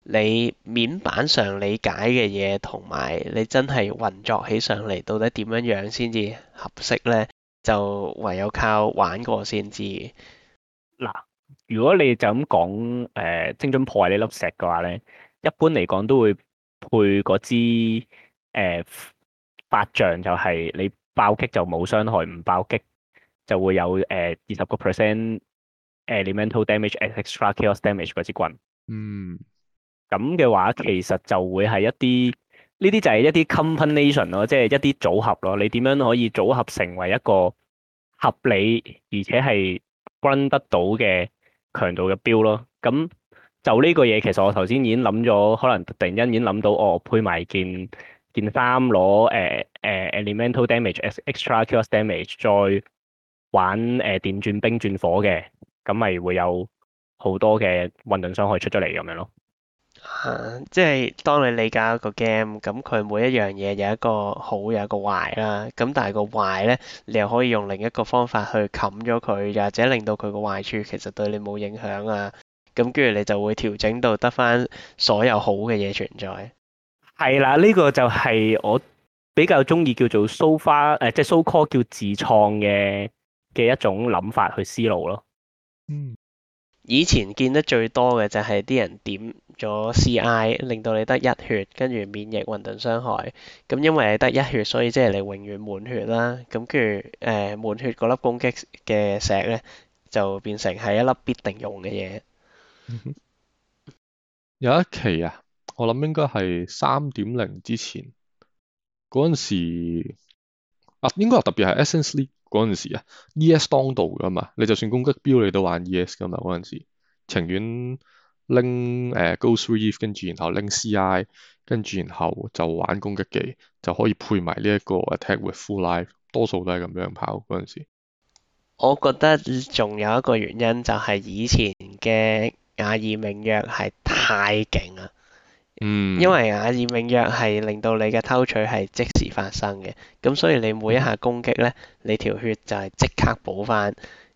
你面板上理解嘅嘢，同埋你真係運作起上嚟，到底點樣樣先至合適呢？就唯有靠玩過先知。嗱，如果你就咁講，誒、呃，精準破壞呢粒石嘅話咧，一般嚟講都會配嗰支誒法杖，呃、就係你爆擊就冇傷害，唔爆擊就會有誒二十個 percent 誒 elemental damage as extra chaos damage 嗰支棍。嗯，咁嘅話其實就會係一啲。呢啲就係一啲 combination 咯，即係一啲組合咯。你點樣可以組合成為一個合理而且係 run 得到嘅強度嘅 build 咯？咁就呢個嘢，其實我頭先已經諗咗，可能突然間已經諗到，我、哦、配埋件件衫攞誒誒、呃呃、elemental damage extra chaos damage，再玩誒、呃、電轉冰轉火嘅，咁咪會有好多嘅混亂傷害可以出咗嚟咁樣咯。啊，即係當你理解一個 game，咁佢每一樣嘢有一個好，有一個壞啦。咁但係個壞咧，你又可以用另一個方法去冚咗佢，或者令到佢個壞處其實對你冇影響啊。咁跟住你就會調整到得返所有好嘅嘢存在。係啦，呢個就係我比較鍾意叫做 so far，誒即係 so call 叫自創嘅嘅一種諗法去思路咯。嗯。以前見得最多嘅就係啲人點咗 CI，令到你得一血，跟住免疫混沌傷害。咁、嗯、因為你得一血，所以即係你永遠滿血啦。咁跟住誒滿血嗰粒攻擊嘅石咧，就變成係一粒必定用嘅嘢，嗯。有一期啊，我諗應該係三點零之前嗰陣時，啊應該特別係 Essence League。嗰陣時啊，E.S 當道噶嘛，你就算攻擊標你都玩 E.S 噶嘛。嗰陣時情願拎誒、呃、Go Through 跟住，然後拎 C.I 跟住，然後就玩攻擊技就可以配埋呢一個 Attack With Full Life，多數都係咁樣跑嗰陣時。我覺得仲有一個原因就係以前嘅亞爾明約係太勁啦。嗯，因為阿葉永約係令到你嘅偷取係即時發生嘅，咁所以你每一下攻擊咧，你條血就係即刻補翻。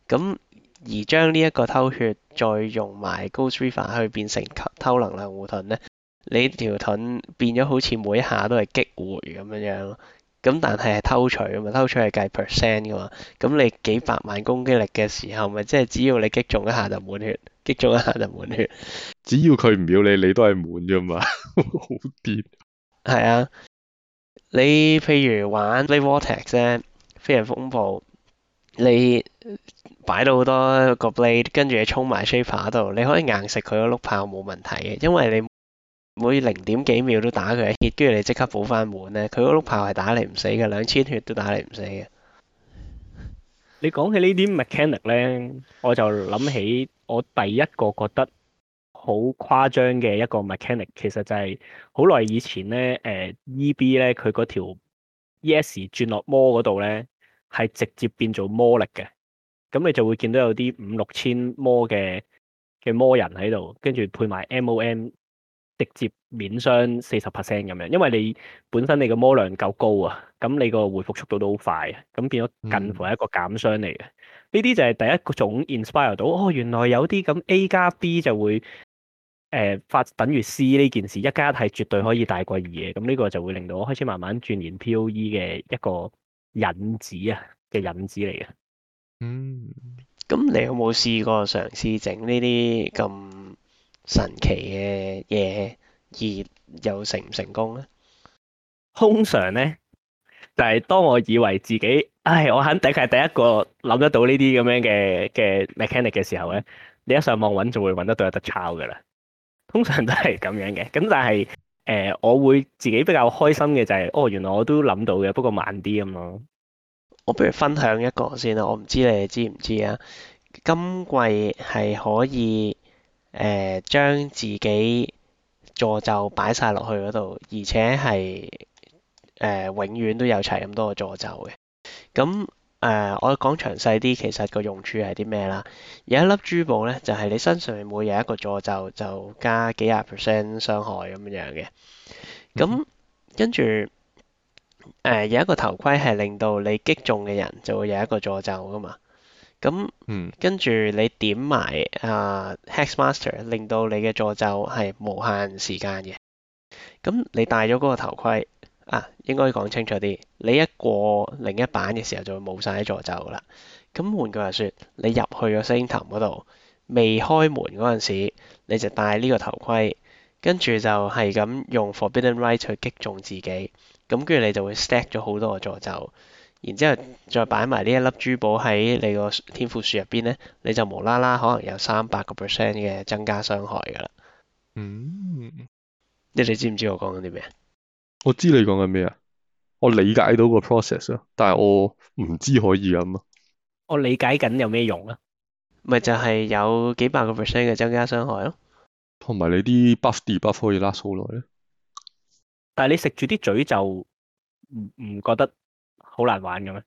咁而將呢一個偷血再用埋 Ghost Reaver 去變成偷能量護盾咧，你條盾變咗好似每一下都係激活咁樣樣咯。咁但係係偷取嘛，偷取係計 percent 嘅嘛。咁你幾百萬攻擊力嘅時候，咪即係只要你擊中一下就滿血。擊中一下就滿血。只要佢唔秒你，你都係滿噶嘛，好癲。係啊。你譬如玩 Blade Vortex 咧，飛刃風暴，你擺到好多個 blade，跟住你衝埋 Shaper 度，你可以硬食佢個碌炮，冇問題嘅，因為你每零點幾秒都打佢一血，跟住你即刻補翻滿咧，佢個碌炮係打你唔死噶，兩千血都打你唔死嘅。你講起呢啲 mechanic 咧，我就諗起。我第一個覺得好誇張嘅一個 mechanic，其實就係好耐以前咧，誒 EB 咧佢嗰條 ES 轉落魔嗰度咧，係直接變做魔力嘅。咁你就會見到有啲五六千魔嘅嘅魔人喺度，跟住配埋 MOM，直接免傷四十 percent 咁樣。因為你本身你個魔量夠高啊，咁你個回復速度都好快，啊，咁變咗近乎係一個減傷嚟嘅。嗯呢啲就係第一種 inspire 到哦，原來有啲咁 A 加 B 就會誒、呃、發等於 C 呢件事，一加一係絕對可以大過二嘅。咁呢個就會令到我開始慢慢鑽研 POE 嘅一個引子啊嘅引子嚟嘅。嗯，咁你有冇試過嘗試整呢啲咁神奇嘅嘢，而又成唔成功咧？通常咧。但係當我以為自己，唉，我肯定係第一個諗得到呢啲咁樣嘅嘅 mechanic 嘅時候咧，你一上網揾就會揾得到有得抄㗎啦。通常都係咁樣嘅。咁但係，誒、呃，我會自己比較開心嘅就係、是，哦，原來我都諗到嘅，不過慢啲咁咯。我不如分享一個先啦、啊，我唔知你哋知唔知啊？今季係可以誒、呃、將自己助就擺晒落去嗰度，而且係。呃、永遠都有齊咁多個助咒嘅。咁誒、呃、我講詳細啲，其實個用處係啲咩啦？有一粒珠寶呢，就係、是、你身上每有一個助咒，就加幾廿 percent 傷害咁樣樣嘅。咁跟住誒、呃、有一個頭盔係令到你擊中嘅人就會有一個助咒㗎嘛。咁、嗯、跟住你點埋啊、呃、Hexmaster，令到你嘅助咒係無限時間嘅。咁你戴咗嗰個頭盔。啊，應該講清楚啲。你一過另一版嘅時候，就會冇曬助咒噶啦。咁換句話說，你入去個星晶塔嗰度未開門嗰陣時，你就戴呢個頭盔，跟住就係咁用 Forbidden Rite 去擊中自己。咁跟住你就會 stack 咗好多個助咒。然之後再擺埋呢一粒珠寶喺你個天賦樹入邊咧，你就無啦啦可能有三百個 percent 嘅增加傷害噶啦。嗯、mm.，你哋知唔知我講緊啲咩？我知你講緊咩啊？我理解到個 process 啊，但係我唔知可以咁啊。我理解緊有咩用啊？咪就係有幾百個 percent 嘅增加傷害咯。同埋你啲 buff 啲 buff 可以 last 好耐咧。但係你食住啲詛咒，唔唔覺得好難玩㗎咩？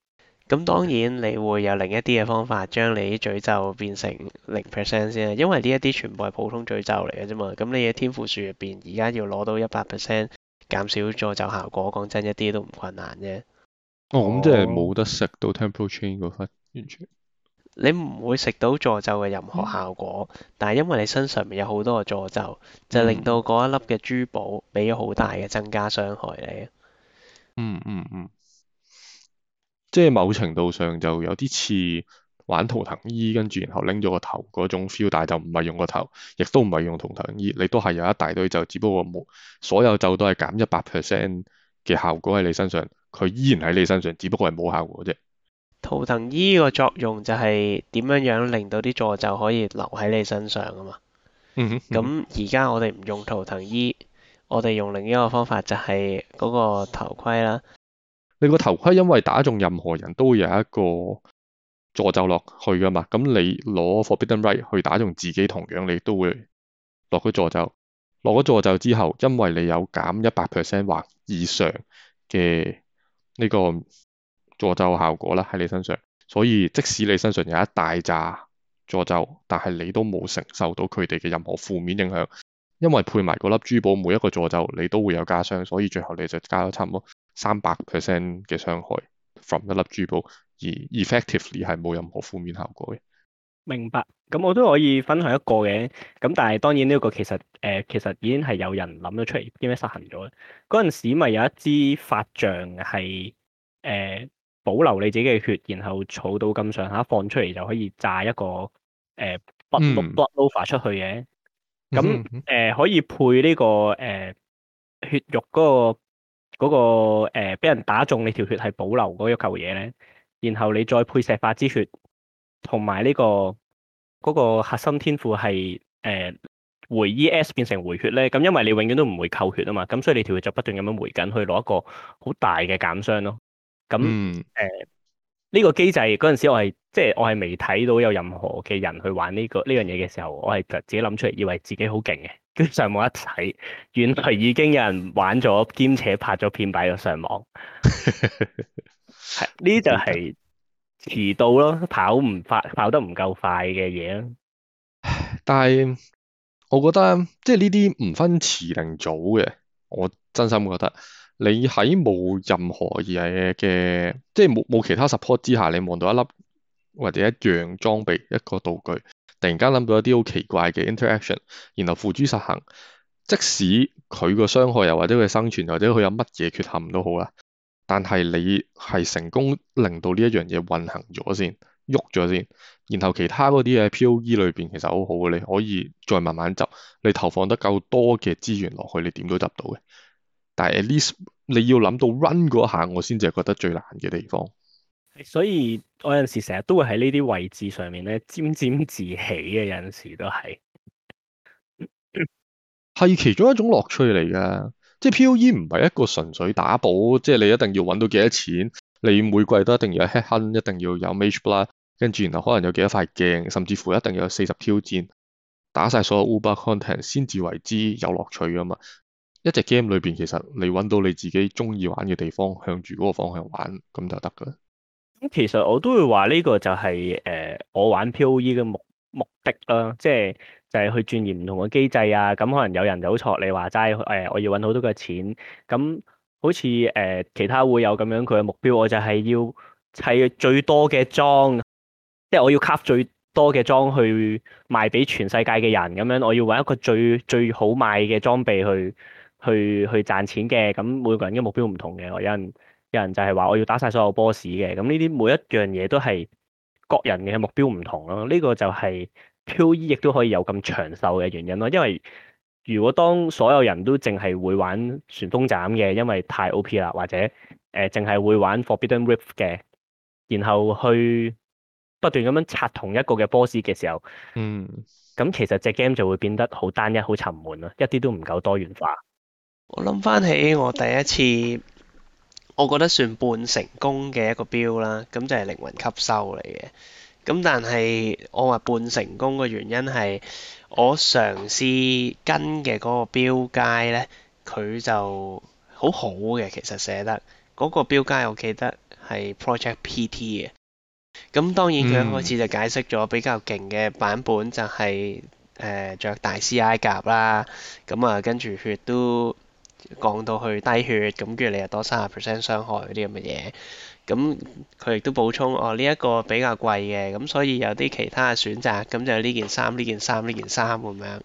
咁當然你會有另一啲嘅方法，將你啲詛咒變成零 percent 先啊。因為呢一啲全部係普通詛咒嚟嘅啫嘛。咁你嘅天賦樹入邊而家要攞到一百 percent。減少詛咒效果，講真一啲都唔困難啫。哦，咁即係冇得食到 Temporal Chain 嗰忽，完全。你唔會食到詛咒嘅任何效果，嗯、但係因為你身上面有好多個詛咒，就令到嗰一粒嘅珠寶俾咗好大嘅增加傷害你、嗯。嗯嗯嗯，即係某程度上就有啲似。玩圖騰衣，跟住然後拎咗個頭嗰種 feel，但係就唔係用個頭，亦都唔係用圖騰衣，你都係有一大堆就，只不過冇所有咒都係減一百 percent 嘅效果喺你身上，佢依然喺你身上，只不過係冇效果啫。圖騰衣個作用就係點樣樣令到啲助咒可以留喺你身上啊嘛。嗯，咁而家我哋唔用圖騰衣，我哋用另一個方法就係嗰個頭盔啦。你個頭盔因為打中任何人都會有一個。助詛咒落去㗎嘛？咁你攞 Forbidden Rite 去打中自己，同樣你都會落咗助詛咒。落咗助詛咒之後，因為你有減一百 percent 或以上嘅呢個助詛咒效果啦，喺你身上。所以即使你身上有一大揸助詛咒，但係你都冇承受到佢哋嘅任何負面影響。因為配埋嗰粒珠寶，每一個助詛咒你都會有加傷，所以最後你就加咗差唔多三百 percent 嘅傷害。from 一粒珠寶而 effectively 係冇任何負面效果嘅。明白，咁我都可以分享一個嘅。咁但係當然呢個其實誒、呃、其實已經係有人諗咗出嚟，兼且實行咗啦。嗰陣時咪有一支法杖係誒保留你自己嘅血，然後儲到咁上下放出嚟就可以炸一個誒 b l blood lava 出去嘅。咁誒、嗯哼呃、可以配呢、這個誒、呃、血肉嗰、那個。嗰、那個誒俾、呃、人打中你條血係保留嗰一嚿嘢咧，然後你再配石化之血，同埋呢個嗰、那個、核心天賦係誒、呃、回 E S 變成回血咧，咁因為你永遠都唔會扣血啊嘛，咁所以你條血就不斷咁樣回緊，去攞一個好大嘅減傷咯。咁誒呢個機制嗰陣時我，我係即係我係未睇到有任何嘅人去玩呢、這個呢樣嘢嘅時候，我係自己諗出嚟，以為自己好勁嘅。跟上網一睇，原來已經有人玩咗，兼且拍咗片擺咗上網。係呢，就係遲到咯，跑唔快，跑得唔夠快嘅嘢啦。 但係我覺得，即係呢啲唔分遲定早嘅。我真心覺得，你喺冇任何嘢嘅，即係冇冇其他 support 之下，你望到一粒或者一樣裝備一個道具。突然間諗到一啲好奇怪嘅 interaction，然後付諸實行，即使佢個傷害又或者佢生存或者佢有乜嘢缺陷都好啦，但係你係成功令到呢一樣嘢運行咗先，喐咗先，然後其他嗰啲嘢 POE 裏邊其實好好嘅，你可以再慢慢執，你投放得夠多嘅資源落去，你點都執到嘅。但係 at least 你要諗到 run 嗰下，我先至覺得最難嘅地方。所以我有陣時成日都會喺呢啲位置上面咧沾沾自喜嘅，有陣時都係係 其中一種樂趣嚟噶。即係 POE 唔係一個純粹打寶，即係你一定要揾到幾多錢，你每季都一定要有 head hunt 一定要有 mage blood，跟住然後可能有幾多塊鏡，甚至乎一定要有四十挑戰，打晒所有 Uber content 先至為之有樂趣噶嘛。一隻 game 裏邊，其實你揾到你自己中意玩嘅地方，向住嗰個方向玩咁就得噶啦。咁其實我都會話呢個就係、是、誒、呃、我玩 POE 嘅目目的啦，即係就係、是、去鑽研唔同嘅機制啊。咁可能有人有錯，你話齋誒、哎，我要揾好多嘅錢。咁好似誒、呃、其他會有咁樣佢嘅目標，我就係要砌最多嘅裝，即係我要卡最多嘅裝去賣俾全世界嘅人。咁樣我要揾一個最最好賣嘅裝備去去去賺錢嘅。咁每個人嘅目標唔同嘅，我有有人就係話我要打晒所有 boss 嘅，咁呢啲每一樣嘢都係各人嘅目標唔同咯、啊。呢、這個就係 POE 亦都可以有咁長壽嘅原因咯、啊。因為如果當所有人都淨係會玩旋風斬嘅，因為太 O P 啦，或者誒淨係會玩 Forbidden Rift 嘅，然後去不斷咁樣刷同一個嘅 boss 嘅時候，嗯，咁其實隻 game 就會變得好單一、好沉悶咯，一啲都唔夠多元化。我諗翻起我第一次。我覺得算半成功嘅一個 Build 啦，咁就係靈魂吸收嚟嘅。咁但係我話半成功嘅原因係，我嘗試跟嘅嗰個 Build guide 呢，佢就好好嘅，其實寫得。嗰、那個 Build guide 我記得係 Project PT 嘅。咁當然佢開始就解釋咗比較勁嘅版本就係誒著大 C I 甲啦。咁、嗯、啊跟住血都，降到去低血，咁跟住你又多三十 percent 傷害嗰啲咁嘅嘢，咁佢亦都補充哦呢一個比較貴嘅，咁所以有啲其他嘅選擇，咁就呢件衫、呢件衫、呢件衫咁樣。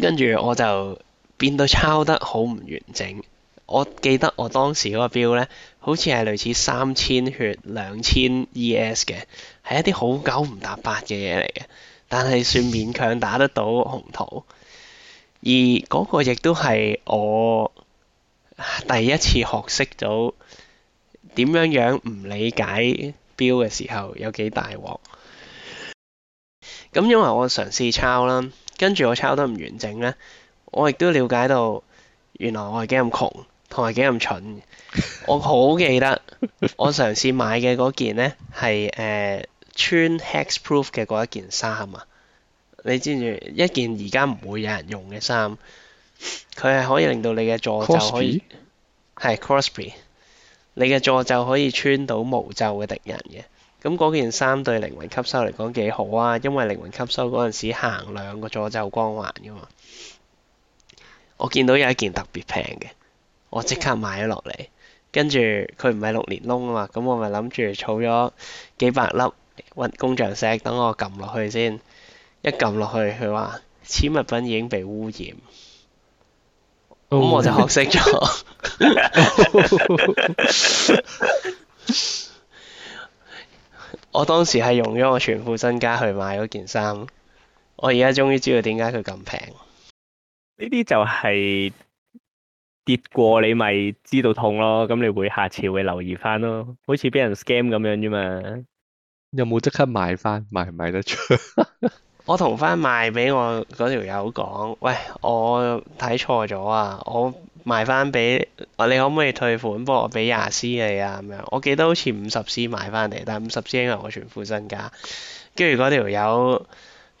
跟住我就變到抄得好唔完整。我記得我當時嗰個標咧，好似係類似三千血兩千 ES 嘅，係一啲好九唔搭八嘅嘢嚟嘅，但係算勉強打得到紅圖。而嗰個亦都係我第一次學識到點樣樣唔理解 build 嘅時候有幾大鑊。咁因為我嘗試抄啦，跟住我抄得唔完整咧，我亦都了解到原來我係幾咁窮，同埋幾咁蠢。 我好記得我嘗試買嘅嗰件呢，係、呃、誒穿 hexproof 嘅嗰一件衫啊。你知唔知一件而家唔會有人用嘅衫，佢係可以令到你嘅助咒可以係 Crosspy，你嘅助咒可以穿到無咒嘅敵人嘅。咁嗰件衫對靈魂吸收嚟講幾好啊，因為靈魂吸收嗰陣時行兩個助咒光環㗎嘛。我見到有一件特別平嘅，我即刻買咗落嚟。跟住佢唔係六連窿啊嘛，咁我咪諗住儲咗幾百粒揾工匠石等我撳落去先。一撳落去，佢話此物品已經被污染，咁、oh. 我就學識咗。我當時係用咗我全副身家去買嗰件衫，我而家終於知道點解佢咁平。呢啲就係跌過，你咪知道痛咯。咁你會下次會留意翻咯，好似俾人 scam 咁樣啫嘛。有冇即刻買翻，買唔買得出？ 我同翻賣俾我嗰條友講，喂，我睇錯咗啊！我賣翻俾，你可唔可以退款？幫我俾廿 C 你啊咁樣。我記得好似五十 C 買翻嚟，但係五十 C 因為我全副身家。跟住嗰條友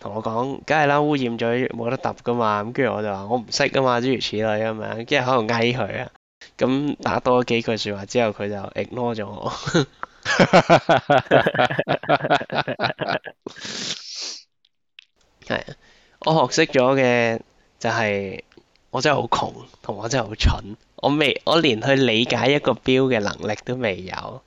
同我講，梗係啦，污染咗冇得揼噶嘛。咁跟住我就話我唔識噶嘛，諸如此類咁樣。跟住喺度威佢啊。咁打多幾句説話之後，佢就 ignore 咗我。 係，我學識咗嘅就係我真係好窮，同我真係好蠢，我未，我連去理解一個 build 嘅能力都未有。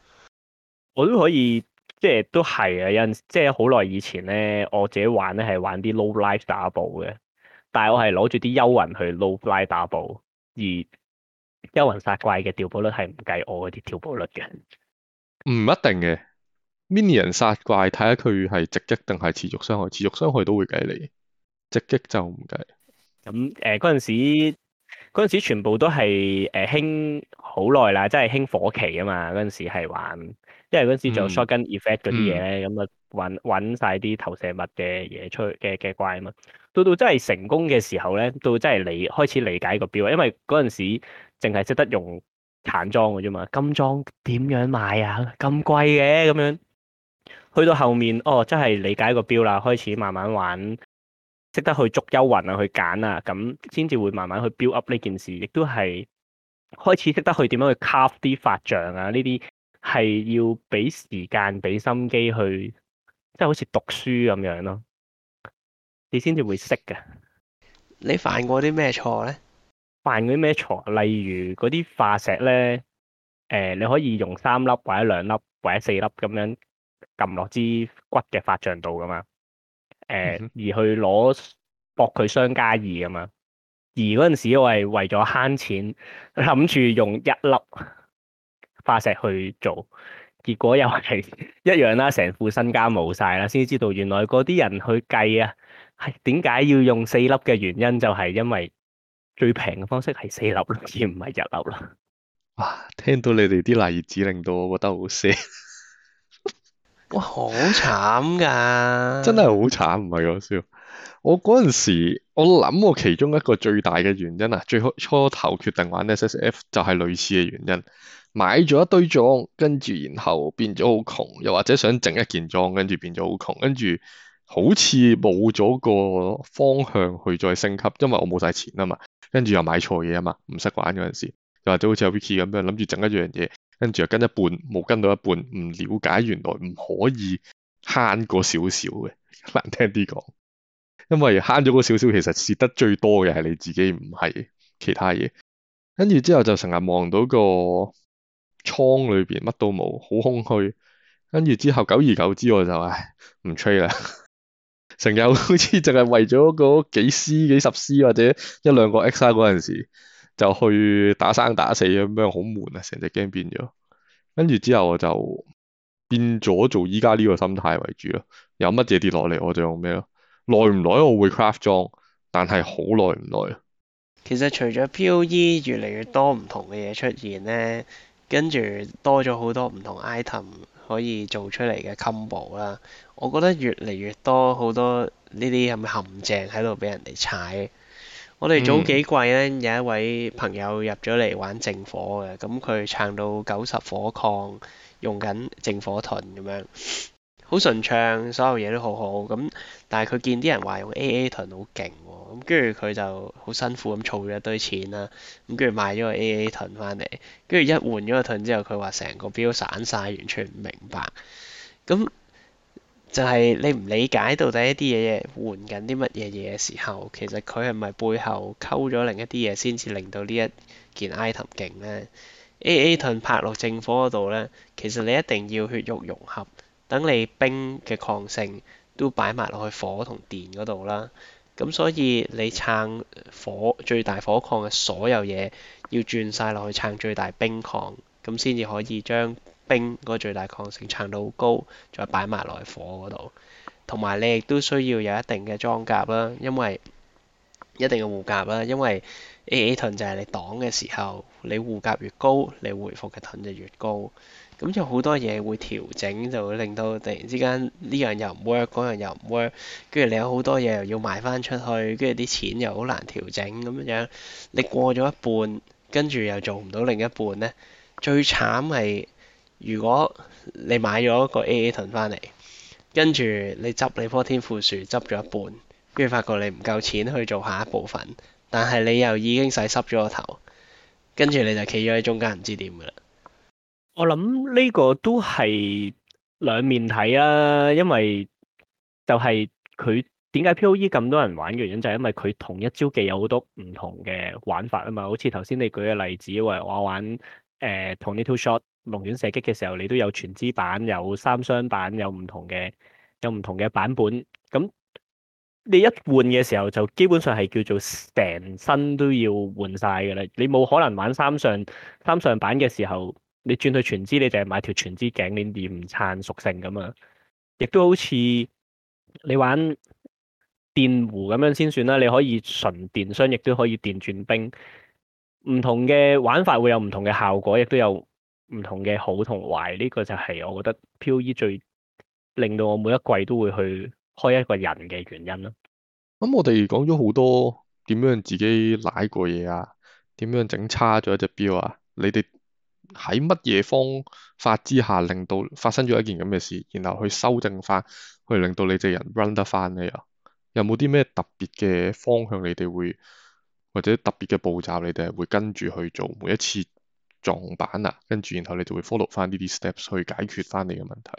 我都可以，即係都係啊！有陣即係好耐以前咧，我自己玩咧係玩啲 low life 打寶嘅，但係我係攞住啲幽魂去 low fly 打寶，而幽魂殺怪嘅掉寶率係唔計我嗰啲掉寶率嘅。唔一定嘅。Minion 殺怪，睇下佢係直擊定係持續傷害，持續傷害都會計你，直擊就唔計。咁誒，嗰、呃、陣時，陣時全部都係誒興好耐啦，即係興火期啊嘛。嗰陣時係玩，因為嗰陣時做 shotgun effect 嗰啲嘢咧，咁啊搵搵晒啲投射物嘅嘢出嘅嘅怪啊嘛。到到真係成功嘅時候咧，到真係理開始理解個標啊，因為嗰陣時淨係識得用殘裝嘅啫嘛，金裝點樣買啊？咁貴嘅咁樣。去到後面，哦，真係理解個 build 啦，開始慢慢玩，識得去捉幽魂啊，去揀啊，咁先至會慢慢去 build up 呢件事，亦都係開始識得去點樣去卡啲發像啊，呢啲係要俾時間、俾心機去，即係好似讀書咁樣咯，你先至會識嘅。你犯過啲咩錯咧？犯過啲咩錯？例如嗰啲化石咧，誒、呃，你可以用三粒或者兩粒或者四粒咁樣。撳落支骨嘅法杖度噶嘛？誒、呃，而去攞搏佢相加二噶嘛？而嗰陣時我係為咗慳錢，諗住用一粒化石去做，結果又係一樣啦，成副身家冇晒啦，先知道原來嗰啲人去計啊，係點解要用四粒嘅原因，就係因為最平嘅方式係四粒咯，而唔係一粒啦。哇！聽到你哋啲例子，令到我覺得好邪。哇，好慘噶！真係好慘，唔係講笑。我嗰陣時，我諗我其中一個最大嘅原因啊，最初初頭決定玩 SSF 就係類似嘅原因，買咗一堆裝，跟住然後變咗好窮，又或者想整一件裝，跟住變咗好窮，跟住好似冇咗個方向去再升級，因為我冇晒錢啊嘛，跟住又買錯嘢啊嘛，唔識玩嗰陣時，又或者好似有 Vicky 咁樣諗住整一樣嘢。跟住又跟一半，冇跟到一半，唔了解原來唔可以慳過少少嘅，難聽啲講。因為慳咗嗰少少，其實蝕得最多嘅係你自己，唔係其他嘢。跟住之後就成日望到個倉裏邊乜都冇，好空虛。跟住之後久而久之我就唉唔 trade 啦，成日 好似淨係為咗嗰幾 c 幾十 c 或者一兩個 x r 嗰陣時。就去打生打死咁樣好悶啊，成隻 game 變咗，跟住之後我就變咗做依家呢個心態為主咯。有乜嘢跌落嚟我就用咩咯。耐唔耐我會 craft 裝，但係好耐唔耐啊。其實除咗 POE 越嚟越多唔同嘅嘢出現咧，跟住多咗好多唔同 item 可以做出嚟嘅 combo 啦。我覺得越嚟越多好多呢啲咁嘅陷阱，喺度俾人哋踩。我哋早幾季咧，有一位朋友入咗嚟玩正火嘅，咁佢撐到九十火抗，用緊正火盾咁樣，好順暢，所有嘢都好好，咁但係佢見啲人話用 AA 盾好勁喎，咁跟住佢就好辛苦咁儲咗一堆錢啦，咁跟住買咗個 AA 盾翻嚟，跟住一換咗個盾之後，佢話成個表散晒，完全唔明白，咁。就係你唔理解到底一啲嘢嘢換緊啲乜嘢嘢嘅時候，其實佢係咪背後溝咗另一啲嘢先至令到呢一件 item 勁呢？a A、啊啊、盾拍落正火嗰度呢，其實你一定要血肉融合，等你冰嘅抗性都擺埋落去火同電嗰度啦。咁所以你撐火最大火抗嘅所有嘢，要轉晒落去撐最大冰抗，咁先至可以將冰嗰個最大抗性撐到好高，再擺埋落去火嗰度，同埋你亦都需要有一定嘅裝甲啦，因為一定嘅護甲啦，因為 A A 盾就係你擋嘅時候，你護甲越高，你回復嘅盾就越高。咁有好多嘢會調整，就會令到突然之間呢樣又唔 work，嗰樣又唔 work，跟住你有好多嘢又要賣翻出去，跟住啲錢又好難調整咁樣。你過咗一半，跟住又做唔到另一半呢，最慘係～如果你買咗個 A A 盾翻嚟，跟住你執你棵天賦樹執咗一半，跟住發覺你唔夠錢去做下一部分，但係你又已經洗濕咗個頭，跟住你就企咗喺中間唔知點㗎啦。我諗呢個都係兩面睇啊，因為就係佢點解 POE 咁多人玩嘅原因，就係、是、因為佢同一招技有好多唔同嘅玩法啊嘛。就是、好似頭先你舉嘅例子，例如我玩。誒，同呢套 shot 龍捲射擊嘅時候，你都有全資版、有三雙版、有唔同嘅有唔同嘅版本。咁你一換嘅時候，就基本上係叫做成身都要換晒㗎啦。你冇可能玩三雙三雙版嘅時候，你轉去全資，你就係買條全資頸鏈，你唔撐屬性咁啊。亦都好似你玩電弧咁樣先算啦。你可以純電傷，亦都可以電轉冰。唔同嘅玩法會有唔同嘅效果，亦都有唔同嘅好同壞。呢、這個就係我覺得 POE 最令到我每一季都會去開一個人嘅原因啦。咁我哋講咗好多點樣自己舐個嘢啊，點樣整差咗隻表啊？你哋喺乜嘢方法之下令到發生咗一件咁嘅事，然後去修正翻，去令到你隻人 run 得翻你啊？有冇啲咩特別嘅方向你哋會？或者特別嘅步驟，你哋係會跟住去做每一次撞板啊，跟住然後你就會 follow 翻呢啲 steps 去解決翻你嘅問題。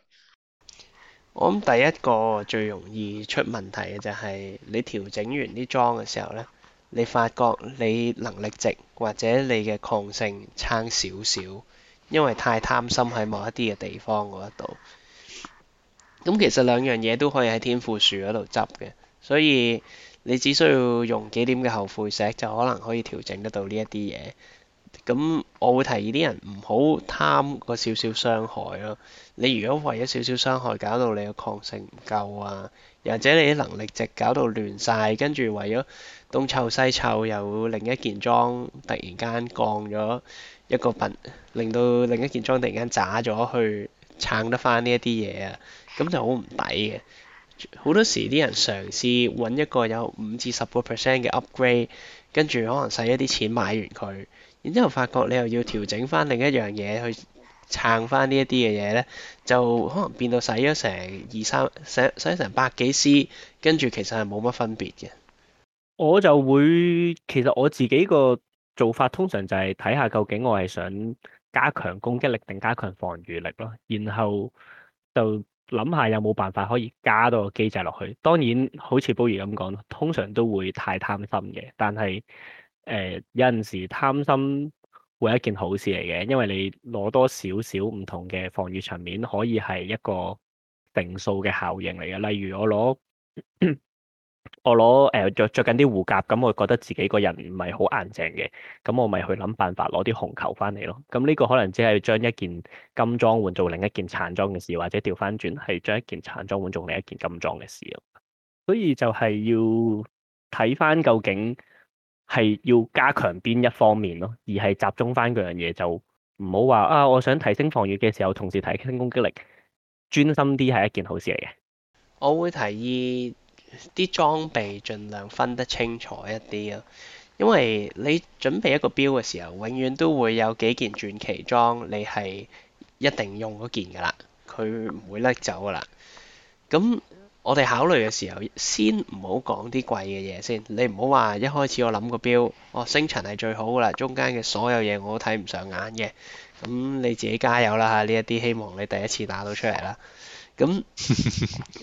我諗第一個最容易出問題嘅就係你調整完啲裝嘅時候呢，你發覺你能力值或者你嘅抗性差少少，因為太貪心喺某一啲嘅地方嗰一度。咁其實兩樣嘢都可以喺天賦樹嗰度執嘅，所以。你只需要用幾點嘅後悔石就可能可以調整得到呢一啲嘢。咁我會提議，議啲人唔好貪個少少傷害咯。你如果為咗少少傷害搞到你嘅抗性唔夠啊，又或者你啲能力值搞到亂晒。跟住為咗東湊西湊，又另一件裝突然間降咗一個品，令到另一件裝突然間渣咗去撐得翻呢一啲嘢啊，咁就好唔抵嘅。好多時啲人嘗試揾一個有五至十個 percent 嘅 upgrade，跟住可能使一啲錢買完佢，然之後發覺你又要調整翻另一樣嘢去撐翻呢一啲嘅嘢呢，就可能變到使咗成二三使使成百幾 c，跟住其實係冇乜分別嘅。我就會其實我自己個做法通常就係睇下究竟我係想加強攻擊力定加強防禦力咯，然後就。諗下有冇辦法可以加多個機制落去？當然，好似保怡咁講，通常都會太貪心嘅。但係誒、呃，有陣時貪心會係一件好事嚟嘅，因為你攞多少少唔同嘅防禦層面，可以係一個定數嘅效應嚟嘅。例如我攞。咳咳我攞誒、呃、着着緊啲護甲，咁我覺得自己個人唔係好硬淨嘅，咁我咪去諗辦法攞啲紅球翻嚟咯。咁呢個可能只係將一件金裝換做另一件橙裝嘅事，或者調翻轉係將一件橙裝換做另一件金裝嘅事咯。所以就係要睇翻究竟係要加強邊一方面咯，而係集中翻嗰樣嘢就唔好話啊！我想提升防禦嘅時候，同時提升攻擊力，專心啲係一件好事嚟嘅。我會提議。啲裝備盡量分得清楚一啲咯，因為你準備一個 Build 嘅時候，永遠都會有幾件傳奇裝，你係一定用嗰件㗎喇，佢唔會甩走㗎喇。咁我哋考慮嘅時候，先唔好講啲貴嘅嘢先。你唔好話一開始我諗個 Build，哦，星塵係最好㗎喇，中間嘅所有嘢我都睇唔上眼嘅。咁你自己加油啦吓，呢一啲希望你第一次打到出嚟啦。咁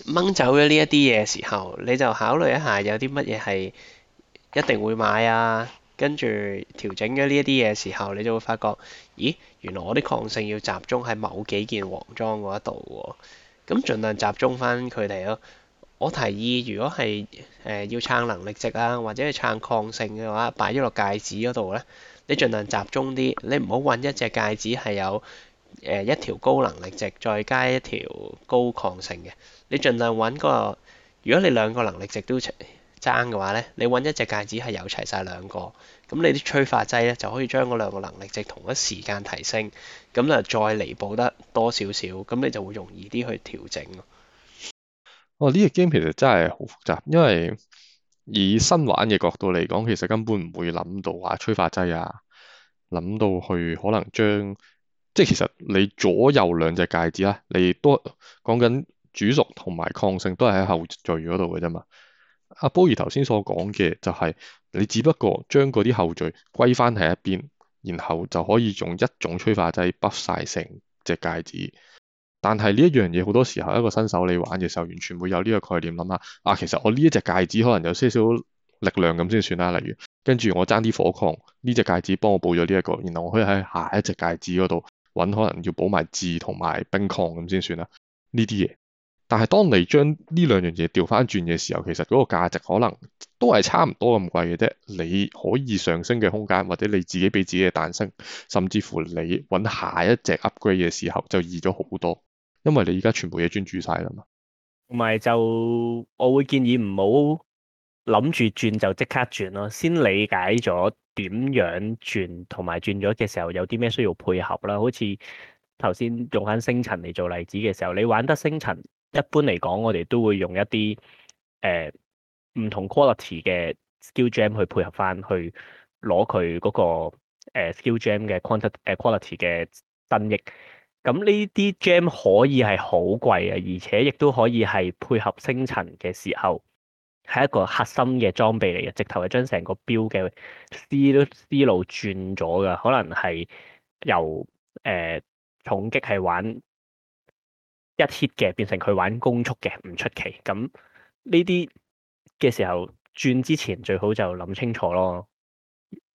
掹走咗呢一啲嘢嘅時候，你就考慮一下有啲乜嘢係一定會買啊。跟住調整咗呢一啲嘢嘅時候，你就會發覺，咦，原來我啲抗性要集中喺某幾件黃裝嗰一度喎。咁盡量集中翻佢哋咯。我提議，如果係誒、呃、要撐能力值啊，或者係撐抗性嘅話，擺咗落戒指嗰度咧，你盡量集中啲，你唔好揾一隻戒指係有。誒、嗯、一條高能力值，再加一條高抗性嘅，你盡量揾嗰個。如果你兩個能力值都齊爭嘅話咧，你揾一隻戒指係有齊晒兩個，咁你啲催化劑咧就可以將嗰兩個能力值同一時間提升，咁啊再彌補得多少少，咁你就會容易啲去調整咯。哦，呢個 game 其實真係好複雜，因為以新玩嘅角度嚟講，其實根本唔會諗到話催化劑啊，諗到去可能將。即係其實你左右兩隻戒指啦、啊，你都講緊煮熟同埋抗性都係喺後序嗰度嘅啫嘛。阿波兒頭先所講嘅就係、是、你，只不過將嗰啲後序歸翻喺一邊，然後就可以用一種催化劑 buff 晒成隻戒指。但係呢一樣嘢好多時候，一個新手你玩嘅時候，完全會有呢個概念諗下啊，其實我呢一隻戒指可能有少少力量咁先算啦、啊。例如跟住我爭啲火抗，呢隻戒指幫我補咗呢一個，然後我可以喺下一隻戒指嗰度。搵可能要補埋字同埋冰礦咁先算啦，呢啲嘢。但係當你將呢兩樣嘢調翻轉嘅時候，其實嗰個價值可能都係差唔多咁貴嘅啫。你可以上升嘅空間，或者你自己俾自己嘅誕生，甚至乎你搵下一隻 upgrade 嘅時候就易咗好多，因為你而家全部嘢專注晒啦嘛。同埋就我會建議唔好諗住轉就即刻轉咯，先理解咗。點樣轉同埋轉咗嘅時候有啲咩需要配合啦？好似頭先用返星塵嚟做例子嘅時候，你玩得星塵，一般嚟講，我哋都會用一啲誒唔同 quality 嘅 skill gem 去配合翻，去攞佢嗰個 skill gem 嘅 quality 誒 quality 嘅增益。咁呢啲 gem 可以係好貴嘅，而且亦都可以係配合星塵嘅時候。係一個核心嘅裝備嚟嘅，直頭係將成個 build 嘅思都思路轉咗㗎，可能係由誒、呃、重擊係玩一 hit 嘅，變成佢玩攻速嘅，唔出奇。咁呢啲嘅時候轉之前，最好就諗清楚咯。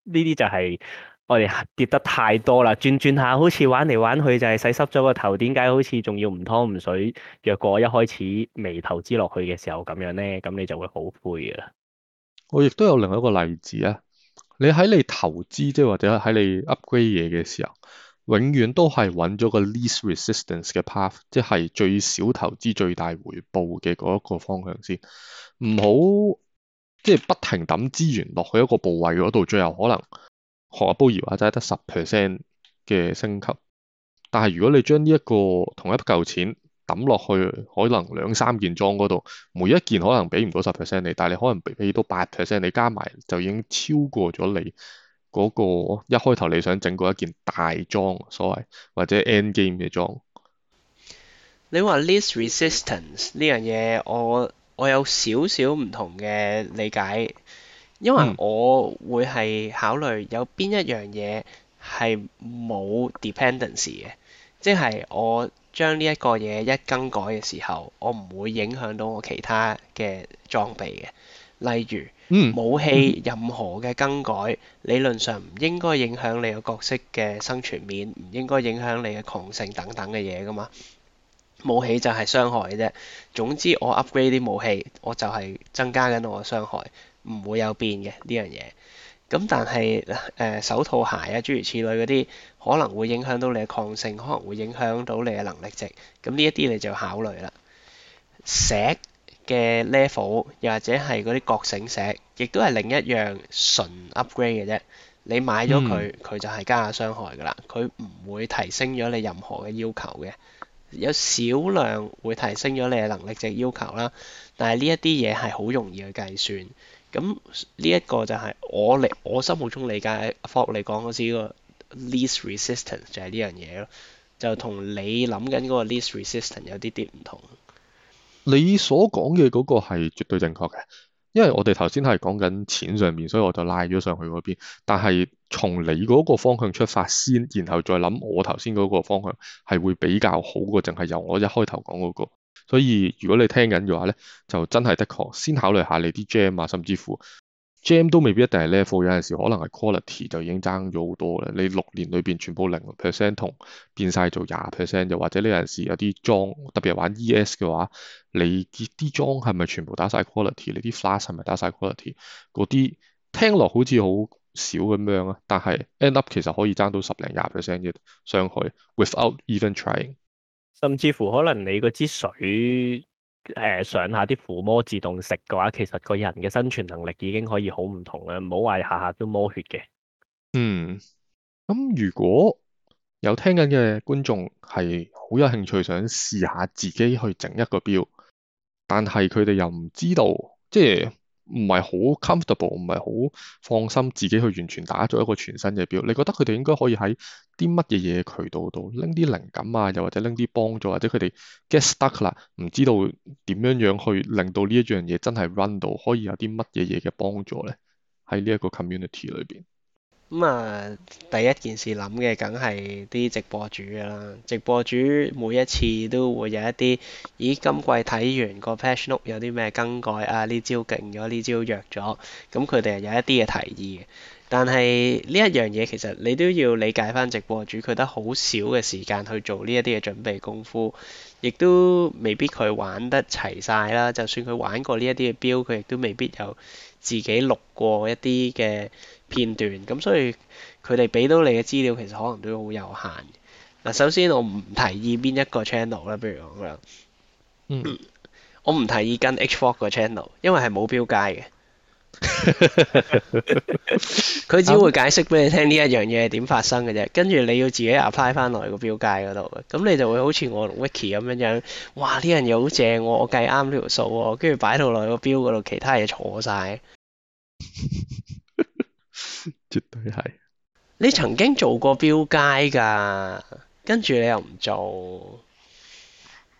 呢啲就係、是。我哋跌得太多啦，轉轉下好似玩嚟玩去，就係洗濕咗個頭。點解好似仲要唔湯唔水，若果一開始未投資落去嘅時候咁樣咧，咁你就會好灰噶啦。我亦都有另一個例子啊，你喺你投資，即係或者喺你 upgrade 嘢嘅時候，永遠都係揾咗個 least resistance 嘅 path，即係最少投資最大回報嘅嗰一個方向先，唔好即係不停抌資源落去一個部位嗰度，最後可能。學下煲嘢或者得十 percent 嘅升級，但係如果你將呢一個同一嚿錢抌落去，可能兩三件裝嗰度，每一件可能俾唔到十 percent 你，但係你可能俾俾到八 percent 你，加埋就已經超過咗你嗰個一開頭你想整過一件大裝，所謂或者 end game 嘅裝。你話 list resistance 呢樣嘢，我我有少少唔同嘅理解。因為我會係考慮有邊一樣嘢係冇 dependency 嘅，即係我將呢一個嘢一更改嘅時候，我唔會影響到我其他嘅裝備嘅。例如武器任何嘅更改，嗯、理論上唔應該影響你個角色嘅生存面，唔應該影響你嘅強性等等嘅嘢噶嘛。武器就係傷害嘅啫。總之我 upgrade 啲武器，我就係增加緊我嘅傷害。唔會有變嘅呢樣嘢。咁但係誒、呃、手套鞋啊，諸如此類嗰啲，可能會影響到你嘅抗性，可能會影響到你嘅能力值。咁呢一啲你就要考慮啦。石嘅 level 又或者係嗰啲覺醒石，亦都係另一樣純 upgrade 嘅啫。你買咗佢，佢、嗯、就係加下傷害㗎啦。佢唔會提升咗你任何嘅要求嘅。有少量會提升咗你嘅能力值要求啦。但係呢一啲嘢係好容易去計算。咁呢一個就係我理我心目中理解，Fog 嚟講嗰個 least resistance 就係呢樣嘢咯，就同你諗緊嗰個 least resistance 有啲啲唔同。你所講嘅嗰個係絕對正確嘅，因為我哋頭先係講緊錢上面，所以我就拉咗上去嗰邊。但係從你嗰個方向出發先，然後再諗我頭先嗰個方向係會比較好過，淨係由我一開頭講嗰個。所以如果你聽緊嘅話咧，就真係的確先考慮下你啲 Gem 啊，甚至乎 Gem 都未必一定係 level，有陣時可能係 quality 就已經爭咗好多啦。你六年裏邊全部零 percent 同變晒做廿 percent，又或者呢陣時有啲裝，特別玩 ES 嘅話，你啲啲裝係咪全部打晒 quality？你啲 flash 係咪打晒 quality？嗰啲聽落好似好少咁樣啊，但係 end up 其實可以爭到十零廿 percent 嘅上去，without even trying。甚至乎可能你嗰支水誒、呃、上下啲附魔自動食嘅話，其實個人嘅生存能力已經可以好唔同啦。唔好話下下都摸血嘅、嗯。嗯，咁如果有聽緊嘅觀眾係好有興趣想試下自己去整一個 Build，但係佢哋又唔知道，即係。唔係好 comfortable，唔係好放心自己去完全打造一個全新嘅表。你覺得佢哋應該可以喺啲乜嘢嘢嘅渠道度拎啲靈感啊，又或者拎啲幫助，或者佢哋 get stuck 啦，唔知道點樣樣去令到呢一樣嘢真係 run 到，可以有啲乜嘢嘢嘅幫助咧？喺呢一個 community 裏邊。咁啊、嗯，第一件事諗嘅梗係啲直播主噶啦，直播主每一次都會有一啲，咦今季睇完個 patch note 有啲咩更改啊？呢招勁咗，呢招弱咗，咁佢哋係有一啲嘅提議，但係呢一樣嘢其實你都要理解翻直播主，佢得好少嘅時間去做呢一啲嘅準備功夫，亦都未必佢玩得齊晒啦。就算佢玩過呢一啲嘅 build，佢亦都未必有自己錄過一啲嘅。片段咁，所以佢哋俾到你嘅資料其實可能都好有限。嗱，首先我唔提議邊一個 channel 啦，比如嗯、我不如咁啦。我唔提議跟 H4 個 channel，因為係冇標界嘅。佢只會解釋俾你聽呢一樣嘢係點發生嘅啫，跟住、嗯、你要自己 apply 翻落去個標界嗰度，咁你就會好似我同 Vicky 咁樣樣，哇！呢樣嘢好正喎，我計啱呢條數喎，跟住擺到落去個標嗰度，其他嘢坐晒。 絕對係。你曾經做過標街噶，跟住你又唔做。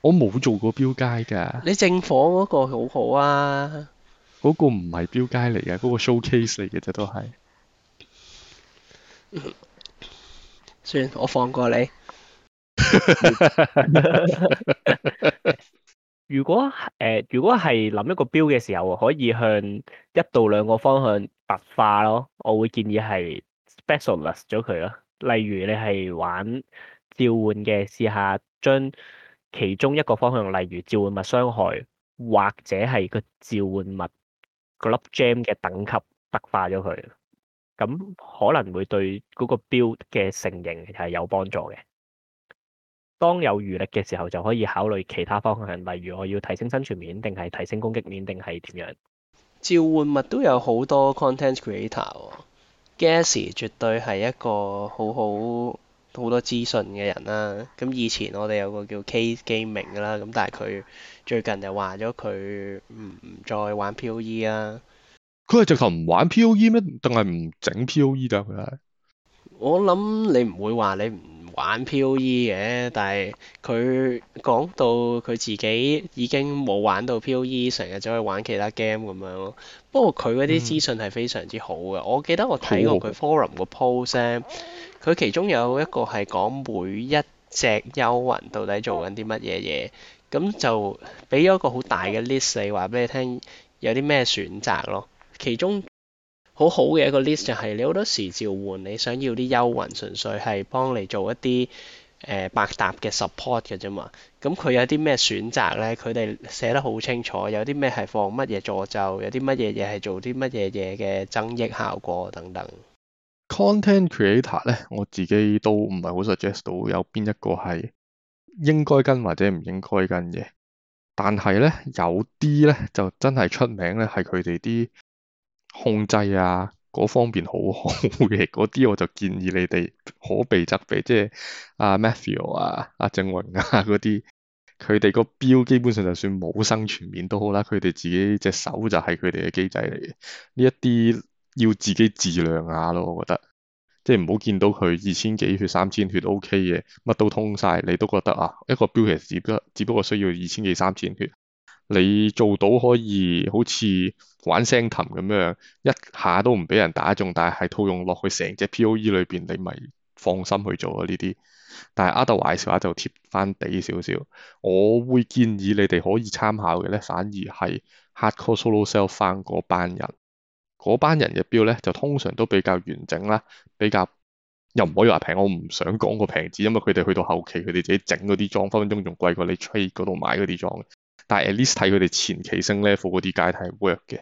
我冇做過標街噶。你正房正火嗰個好好啊。嗰個唔係標街嚟嘅，嗰、那個 showcase 嚟嘅啫、就是，都係、嗯。算，我放過你。 如果誒、呃，如果係諗一個 build 嘅時候，可以向一到兩個方向特化咯。我會建議係 specialise 咗佢咯。例如你係玩召喚嘅，試下將其中一個方向，例如召喚物傷害，或者係個召喚物、那個粒 gem 嘅等級特化咗佢，咁可能會對嗰個 build 嘅成型係有幫助嘅。當有餘力嘅時候，就可以考慮其他方向，例如我要提升生存面，定係提升攻擊面，定係點樣？召喚物都有好多 content creator 喎，哦，Gacy 絕對係一個好好好多資訊嘅人啦。咁以前我哋有個叫 K Gaming 啦，咁但係佢最近就話咗佢唔再玩 P.O.E 啊 P.O.E。佢係直頭唔玩 P.O.E 咩？定係唔整 P.O.E 㗎？佢係我諗你唔會話你唔玩 POE 嘅，但係佢講到佢自己已經冇玩到 POE，成日走去玩其他 game 咁樣咯。不過佢嗰啲資訊係非常之好嘅，嗯、我記得我睇過佢 forum 個 post 咧、哦。佢其中有一個係講每一隻幽魂到底做緊啲乜嘢嘢，咁就俾咗一個好大嘅 list 你話俾你聽，有啲咩選擇咯。其中好好嘅一個 list 就係你好多時召喚你想要啲幽魂，純粹係幫你做一啲誒、呃、百搭嘅 support 嘅啫嘛。咁佢有啲咩選擇咧？佢哋寫得好清楚，有啲咩係放乜嘢助咒，有啲乜嘢嘢係做啲乜嘢嘢嘅增益效果等等。Content creator 咧，我自己都唔係好 suggest 到有邊一個係應該跟或者唔應該跟嘅，但係咧有啲咧就真係出名咧，係佢哋啲。控制啊，嗰方面好好嘅，嗰啲我就建議你哋可避則避，即係阿 Matthew 啊、阿、啊、正榮正雲啊嗰啲，佢哋個 Build 基本上就算冇生全面都好啦，佢哋自己隻手就係佢哋嘅機制嚟嘅，呢一啲要自己自量下、啊、咯，我覺得，即係唔好見到佢二千幾血、三千血 OK 嘅，乜都通晒，你都覺得啊，一個 Build 其實只不過只不過需要二千幾、三千血，你做到可以好似玩聲琴咁樣，一下都唔俾人打中，但係套用落去成隻 POE 裏邊，你咪放心去做咯。呢啲，但係 otherwise 嘅話就貼翻地少少。我會建議你哋可以參考嘅咧，反而係 hardcore solo sell 翻嗰班人，嗰班人嘅 build 咧就通常都比較完整啦，比較又唔可以話平，我唔想講個平字，因為佢哋去到後期，佢哋自己整嗰啲裝分分鐘仲貴過你 trade 嗰度買嗰啲裝。但係 at least 睇佢哋前期升 level 嗰啲階梯 work 嘅，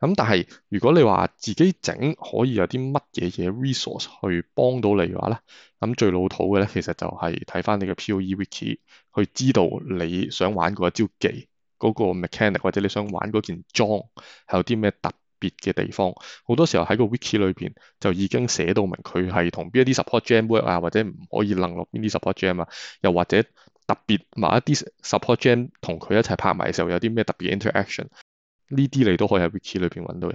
咁但係如果你話自己整可以有啲乜嘢嘢 resource 去幫到你嘅話咧，咁最老土嘅咧其實就係睇翻你嘅 POE wiki 去知道你想玩嗰招技嗰個 mechanic，或者你想玩嗰件裝，係有啲咩特別嘅地方，好多時候喺個 wiki 裏邊就已經寫到明佢係同邊一啲 support gem work 啊，或者唔可以能落邊啲 support gem 啊，又或者。特別買一啲 support gem 同佢一齊拍埋嘅時候，有啲咩特別 interaction？呢啲你都可以喺 wiki 裏邊揾到嘅。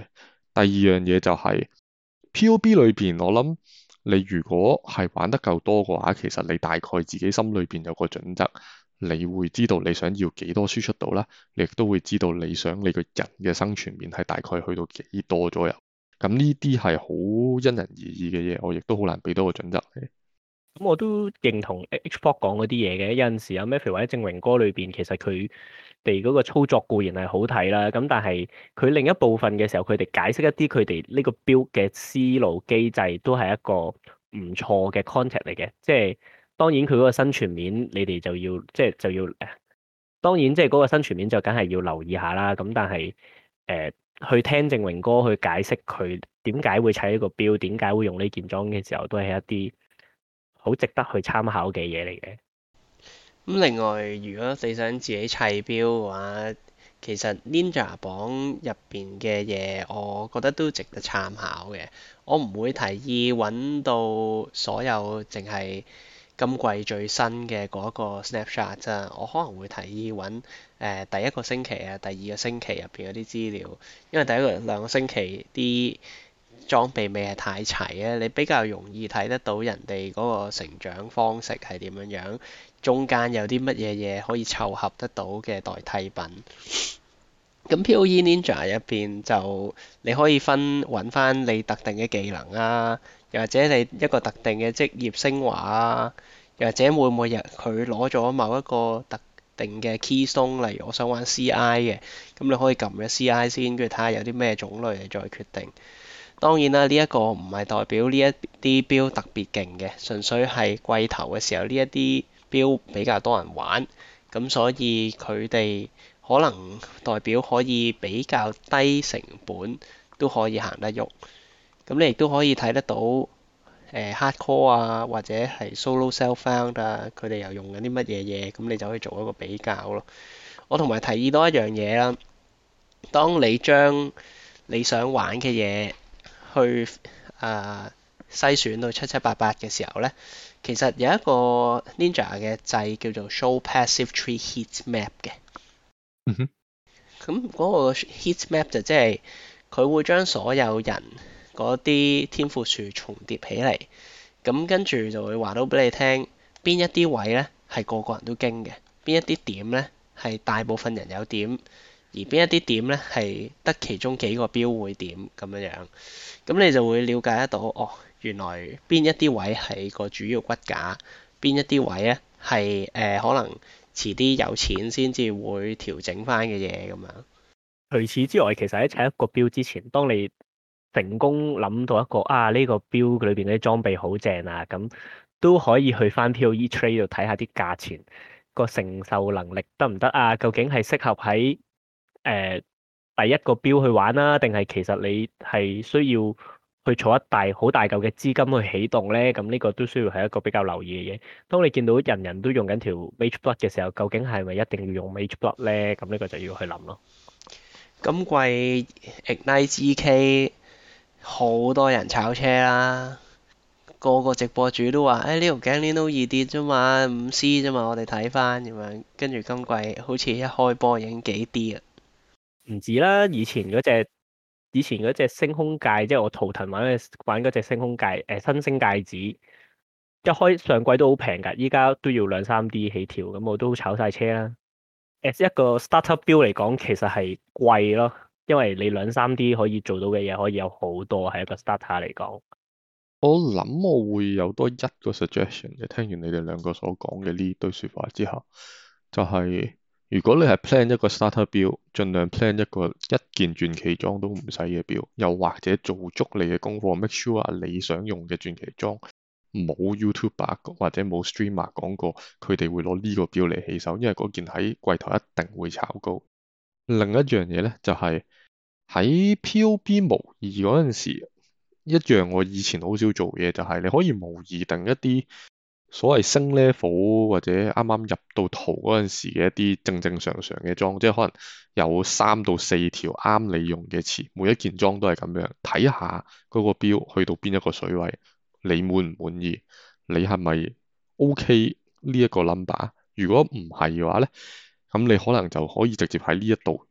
第二樣嘢就係 POB 裏邊，我諗你如果係玩得夠多嘅話，其實你大概自己心裏邊有個準則，你會知道你想要幾多輸出度啦，你亦都會知道你想你個人嘅生存面係大概去到幾多左右。咁呢啲係好因人而異嘅嘢，我亦都好難俾到個準則。咁我都認同 H Fox 講嗰啲嘢嘅，有陣時阿 Matthew 或者正榮哥裏邊，其實佢哋嗰個操作固然係好睇啦，咁但係佢另一部分嘅時候，佢哋解釋一啲佢哋呢個 build 嘅思路機制，都係一個唔錯嘅 content 嚟嘅。即、就、係、是、當然佢嗰個生存面，你哋就要即係就是、要，當然即係嗰個生存面就梗係要留意下啦。咁但係誒、呃，去聽正榮哥去解釋佢點解會砌呢個 build，點解會用呢件裝嘅時候，都係一啲好值得去參考嘅嘢嚟嘅。咁另外，如果你想自己砌表嘅話，其實 Ninja 榜入邊嘅嘢，我覺得都值得參考嘅。我唔會提議揾到所有淨係今季最新嘅嗰個 snapshot 啫。我可能會提議揾誒、呃、第一個星期啊、第二個星期入邊嗰啲資料，因為第一個兩個星期啲。裝備未係太齊咧，你比較容易睇得到人哋嗰個成長方式係點樣樣，中間有啲乜嘢嘢可以湊合得到嘅代替品。咁 P.O.E Ninja 入邊就你可以分揾翻你特定嘅技能啊，又或者你一個特定嘅職業升華啊，又或者會唔會入佢攞咗某一個特定嘅 keystone，例如我想玩 C.I. 嘅，咁你可以撳咗 C.I. 先，跟住睇下有啲咩種類你再決定。當然啦，呢、這、一個唔係代表呢一啲 build 特別勁嘅，純粹係季頭嘅時候，呢一啲 build 比較多人玩，咁所以佢哋可能代表可以比較低成本都可以行得喐。咁你亦都可以睇得到，誒、呃、hard core 啊，或者係 solo self-found 啊，佢哋又用緊啲乜嘢嘢，咁你就可以做一個比較咯。我同埋提議多一樣嘢啦，當你將你想玩嘅嘢，去啊、呃、篩選到七七八八嘅時候咧，其實有一個 Ninja 嘅掣叫做 Show Passive Tree Heat Map 嘅。嗯、哼。咁嗰個 Heat Map 就即係佢會將所有人嗰啲天賦樹重疊起嚟，咁跟住就會話到俾你聽，邊一啲位咧係個個人都經嘅，邊一啲點咧係大部分人有點。而邊一啲點咧，係得其中幾個標會點咁樣樣，咁你就會了解得到，哦，原來邊一啲位係個主要骨架，邊一啲位咧係誒可能遲啲有錢先至會調整翻嘅嘢咁樣。除此之外，其實喺一個標之前，當你成功諗到一個啊呢個標裏邊啲裝備好正啊，咁都可以去翻 PoE Trade 度睇下啲價錢，個承受能力得唔得啊？究竟係適合喺？誒、呃，第一個標去玩啦、啊，定係其實你係需要去坐一大好大嚿嘅資金去啟動咧？咁呢個都需要係一個比較留意嘅嘢。當你見到人人都用緊條 Mageblood 嘅時候，究竟係咪一定要用 Mageblood 咧？咁呢個就要去諗咯。今季 Ignite 好多人炒車啦，個個直播主都話：誒呢條頸鏈都易啲啫嘛，五 C 啫嘛，我哋睇翻咁樣，跟住今季好似一開波已經幾 D 啦。唔止啦，以前嗰隻，以前隻星空戒，即係我圖騰玩嗰隻，玩隻星空戒，誒、欸、新星戒指，一開上季都好平㗎，依家都要兩三 D 起跳，咁我都炒晒車啦。a 一個 startup 標嚟講，其實係貴咯，因為你兩三 D 可以做到嘅嘢可以有好多，喺一個 startup 嚟講。我諗我會有多一個 suggestion，聽完你哋兩個所講嘅呢堆説法之後，就係、是。如果你係 plan 一個 starter 表，盡量 plan 一個一件傳奇裝都唔使嘅表，又或者做足你嘅功課，make sure 你想用嘅傳奇裝冇 YouTube 或者冇 streamer 講過，佢哋會攞呢個表嚟起手，因為嗰件喺櫃頭一定會炒高。另一樣嘢咧就係、是、喺 POB 模擬嗰陣時，一樣我以前好少做嘢就係、是、你可以模擬定一啲。所謂升 level 或者啱啱入到圖嗰陣時嘅一啲正正常常嘅裝，即係可能有三到四條啱你用嘅詞，每一件裝都係咁樣。睇下嗰個標去到邊一個水位，你滿唔滿意？你係咪 OK 呢一個 number？如果唔係嘅話咧，咁你可能就可以直接喺呢一度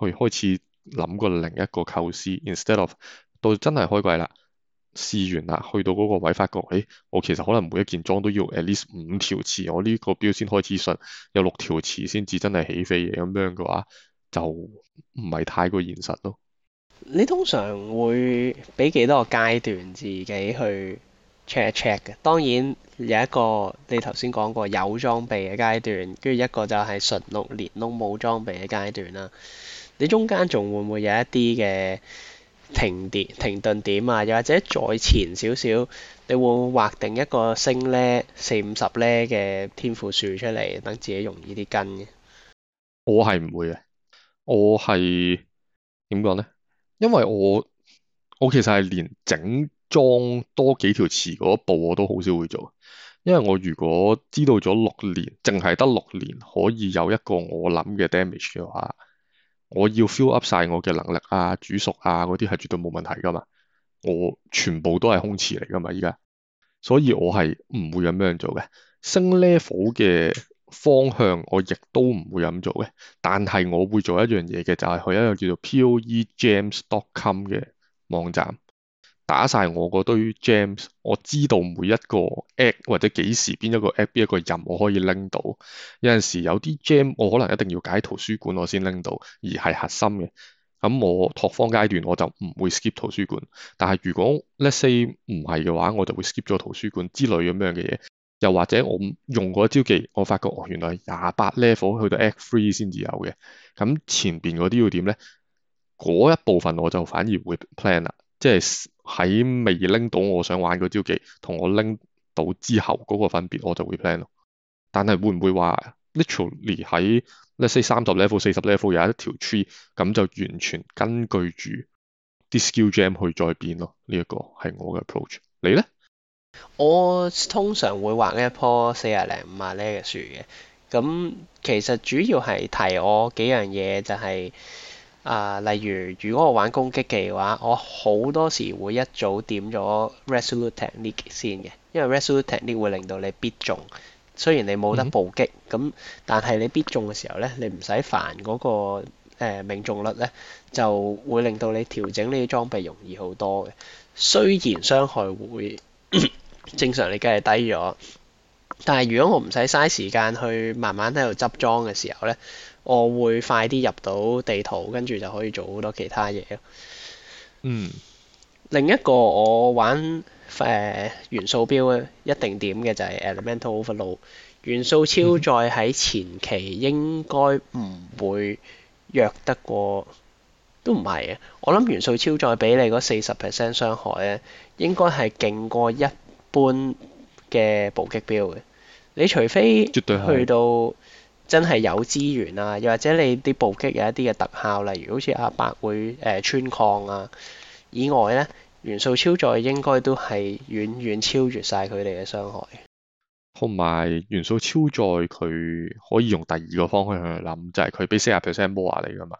去開始諗個另一個構思。Instead of 到真係開季啦。試完啦，去到嗰個位，發覺誒、哎，我其實可能每一件裝都要 at least 五條詞，我呢個標先開始順，有六條詞先至真係起飛嘅。咁樣嘅話，就唔係太過現實咯。你通常會俾幾多個階段自己去 check check 嘅？當然有一個你頭先講過有裝備嘅階段，跟住一個就係純六年都冇裝備嘅階段啦。你中間仲會唔會有一啲嘅？停跌停頓點啊，又或者再前少少，你會劃定一個升咧四五十咧嘅天賦樹出嚟，等自己容易啲跟嘅。我係唔會嘅，我係點講咧？因為我我其實係連整裝多幾條詞嗰一步我都好少會做，因為我如果知道咗六年，淨係得六年可以有一個我諗嘅 damage 嘅話。我要 fill up 曬我嘅能力啊，煮熟啊嗰啲係絕對冇問題噶嘛，我全部都係空池嚟噶嘛依家，所以我係唔會咁樣做嘅，升 level 嘅方向我亦都唔會咁做嘅，但係我會做一樣嘢嘅，就係去一個叫做 poegames.com 嘅網站。打晒我嗰堆 gems 我知道每一個 act 或者幾時邊一個 act 邊一個任務我可以拎到。有陣時有啲 gem 我可能一定要解圖書館我先拎到，而係核心嘅。咁我拓荒階段我就唔會 skip 圖書館，但係如果 let’s say 唔係嘅話，我就會 skip 咗圖書館之類咁樣嘅嘢。又或者我用過一招技，我發覺我原來廿八 level 去到 act three 先至有嘅，咁前邊嗰啲要點咧？嗰一部分我就反而會 plan 啦。即係喺未拎到我想玩嗰招技，同我拎到之後嗰個分別，我就會 plan 咯。但係會唔會話 literally 喺 let's say 三十 level 四十 level 有一條 tree，咁就完全根據住啲 skill gem 去再變咯？呢一個係我嘅 approach。你咧？我通常會畫呢一棵四廿零五廿 level 嘅樹嘅。咁其實主要係提我幾樣嘢就係。啊，例如如果我玩攻擊技嘅話，我好多時會一早點咗 Resolute Technique 先嘅，因為 Resolute Technique 會令到你必中。雖然你冇得暴擊，咁、嗯、但係你必中嘅時候咧，你唔使煩嗰、那個、呃、命中率咧，就會令到你調整呢啲裝備容易好多嘅。雖然傷害會 正常，你梗係低咗，但係如果我唔使嘥時間去慢慢喺度執裝嘅時候咧。我會快啲入到地圖，跟住就可以做好多其他嘢咯。嗯，另一個我玩誒、呃、元素標咧，一定點嘅就係 Elemental Overload。元素超載喺前期應該唔會弱得過，嗯、都唔係啊！我諗元素超載俾你嗰四十 percent 傷害咧，應該係勁過一般嘅暴擊標嘅。你除非絕對去到。真係有資源啊，又或者你啲暴擊有一啲嘅特效，例如好似阿伯會誒、呃、穿抗啊，以外咧元素超載應該都係遠遠超越晒佢哋嘅傷害。同埋元素超載佢可以用第二個方向去諗，就係佢俾四十 percent more 你噶嘛，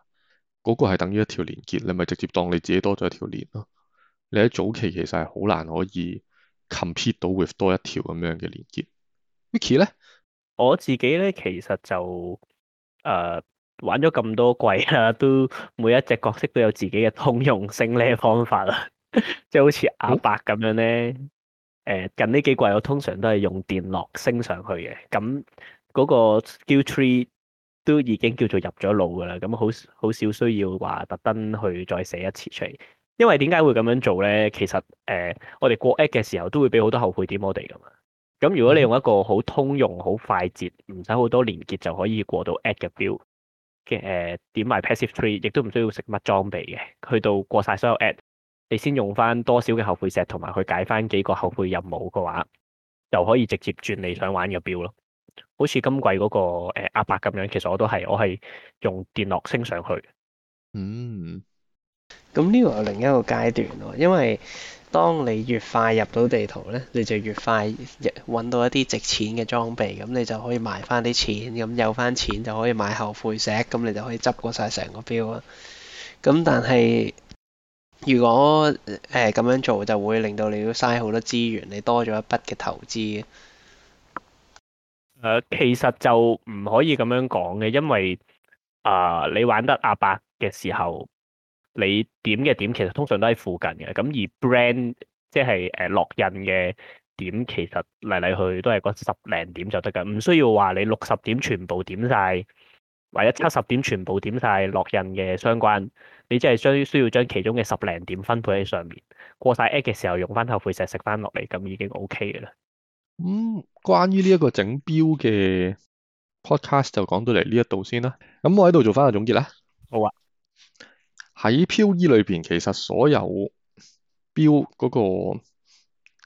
嗰、那個係等於一條連結，你咪直接當你自己多咗一條鏈咯。你喺早期其實係好難可以 compete 到 with 多一條咁樣嘅連結。Vicky 咧？我自己咧，其實就誒、呃、玩咗咁多季啦，都每一隻角色都有自己嘅通用升呢方法啦， 即係好似阿伯咁樣咧。誒、呃、近呢幾季我通常都係用電落升上去嘅，咁嗰個 Skill Tree 都已經叫做入咗腦噶啦，咁好好少需要話特登去再寫一次出嚟。因為點解會咁樣做咧？其實誒、呃、我哋過 act 嘅時候都會俾好多後悔點我哋噶嘛。咁如果你用一個好通用、好快捷，唔使好多連結就可以過到 Act 嘅標嘅誒、呃，點埋 Passive Tree，亦都唔需要食乜裝備嘅，去到過晒所有 Act 你先用翻多少嘅後悔石同埋去解翻幾個後悔任務嘅話，就可以直接轉你想玩嘅標咯。好似今季嗰、那個、呃、阿伯咁樣，其實我都係我係用電落升上去。嗯，咁呢個係另一個階段咯，因為，當你越快入到地圖咧，你就越快揾到一啲值錢嘅裝備，咁你就可以賣翻啲錢，咁有翻錢就可以買後悔石，咁你就可以執過晒成個標啊。咁但係如果誒咁、呃、樣做，就會令到你嘥好多資源，你多咗一筆嘅投資、呃。其實就唔可以咁樣講嘅，因為啊、呃，你玩得阿伯嘅時候。你點嘅點其實通常都喺附近嘅，咁而 brand 即係誒、呃、落印嘅點，其實嚟嚟去都係嗰十零點就得㗎，唔需要話你六十點全部點晒，或者七十點全部點晒落印嘅相關，你即係需需要將其中嘅十零點分配喺上面，過晒 a 嘅時候用翻後悔石食翻落嚟，咁已經 OK 嘅啦。咁、嗯、關於呢一個整標嘅 podcast 就講到嚟呢一度先啦，咁我喺度做翻個總結啦。好啊。喺 POE 裏邊，其實所有標嗰個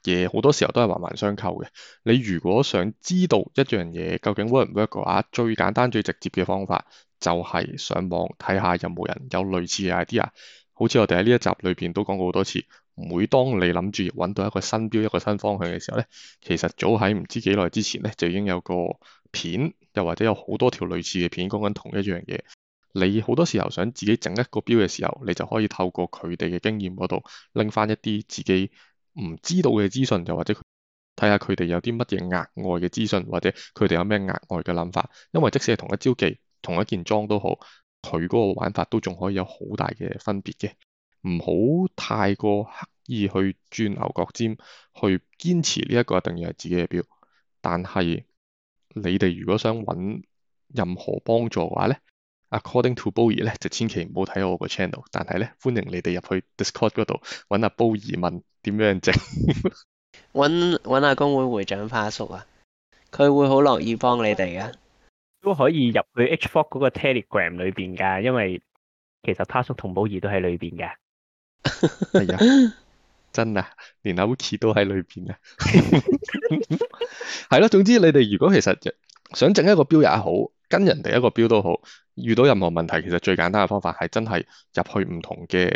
嘢好多時候都係環環相扣嘅。你如果想知道一樣嘢究竟 work 唔 work 嘅話，最簡單、最直接嘅方法就係上網睇下有冇人有類似嘅 idea。好似我哋喺呢一集裏邊都講過好多次，每當你諗住揾到一個新標、一個新方向嘅時候咧，其實早喺唔知幾耐之前咧，就已經有個片，又或者有好多條類似嘅片講緊同一樣嘢。你好多時候想自己整一個標嘅時候，你就可以透過佢哋嘅經驗嗰度拎翻一啲自己唔知道嘅資訊，又或者睇下佢哋有啲乜嘢額外嘅資訊，或者佢哋有咩額外嘅諗法。因為即使係同一招技、同一件裝都好，佢嗰個玩法都仲可以有好大嘅分別嘅。唔好太過刻意去鑽牛角尖，去堅持呢一個一定要係自己嘅標。但係你哋如果想揾任何幫助嘅話咧，According to Bo y 咧，就千祈唔好睇我個 channel，但係咧歡迎你哋入去 Discord 度揾阿、啊、Bo Yi 問點樣整，揾揾阿公會會長花叔啊，佢會好樂意幫你哋噶，都可以入去 H4 嗰個 Telegram 裏邊噶，因為其實花叔同 Bo y 都喺裏邊嘅，係啊、 哎，真啊，連 Okey 都喺裏邊啊，係咯，總之你哋如果其實想整一個 Build 也好。跟人哋一個標都好，遇到任何問題，其實最簡單嘅方法係真係入去唔同嘅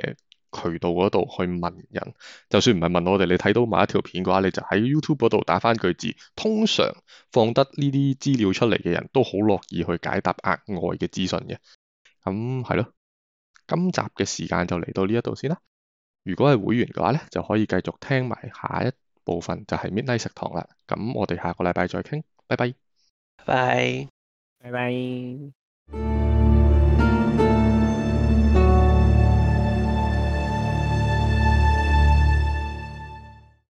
渠道嗰度去問人。就算唔係問我哋，你睇到某一條片嘅話，你就喺 YouTube 嗰度打返句字。通常放得呢啲資料出嚟嘅人都好樂意去解答額外嘅資訊嘅。咁係咯，今集嘅時間就嚟到呢一度先啦。如果係會員嘅話咧，就可以繼續聽埋下一部分，就係 Midnight 食堂啦。咁我哋下個禮拜再傾，拜拜。拜。拜拜。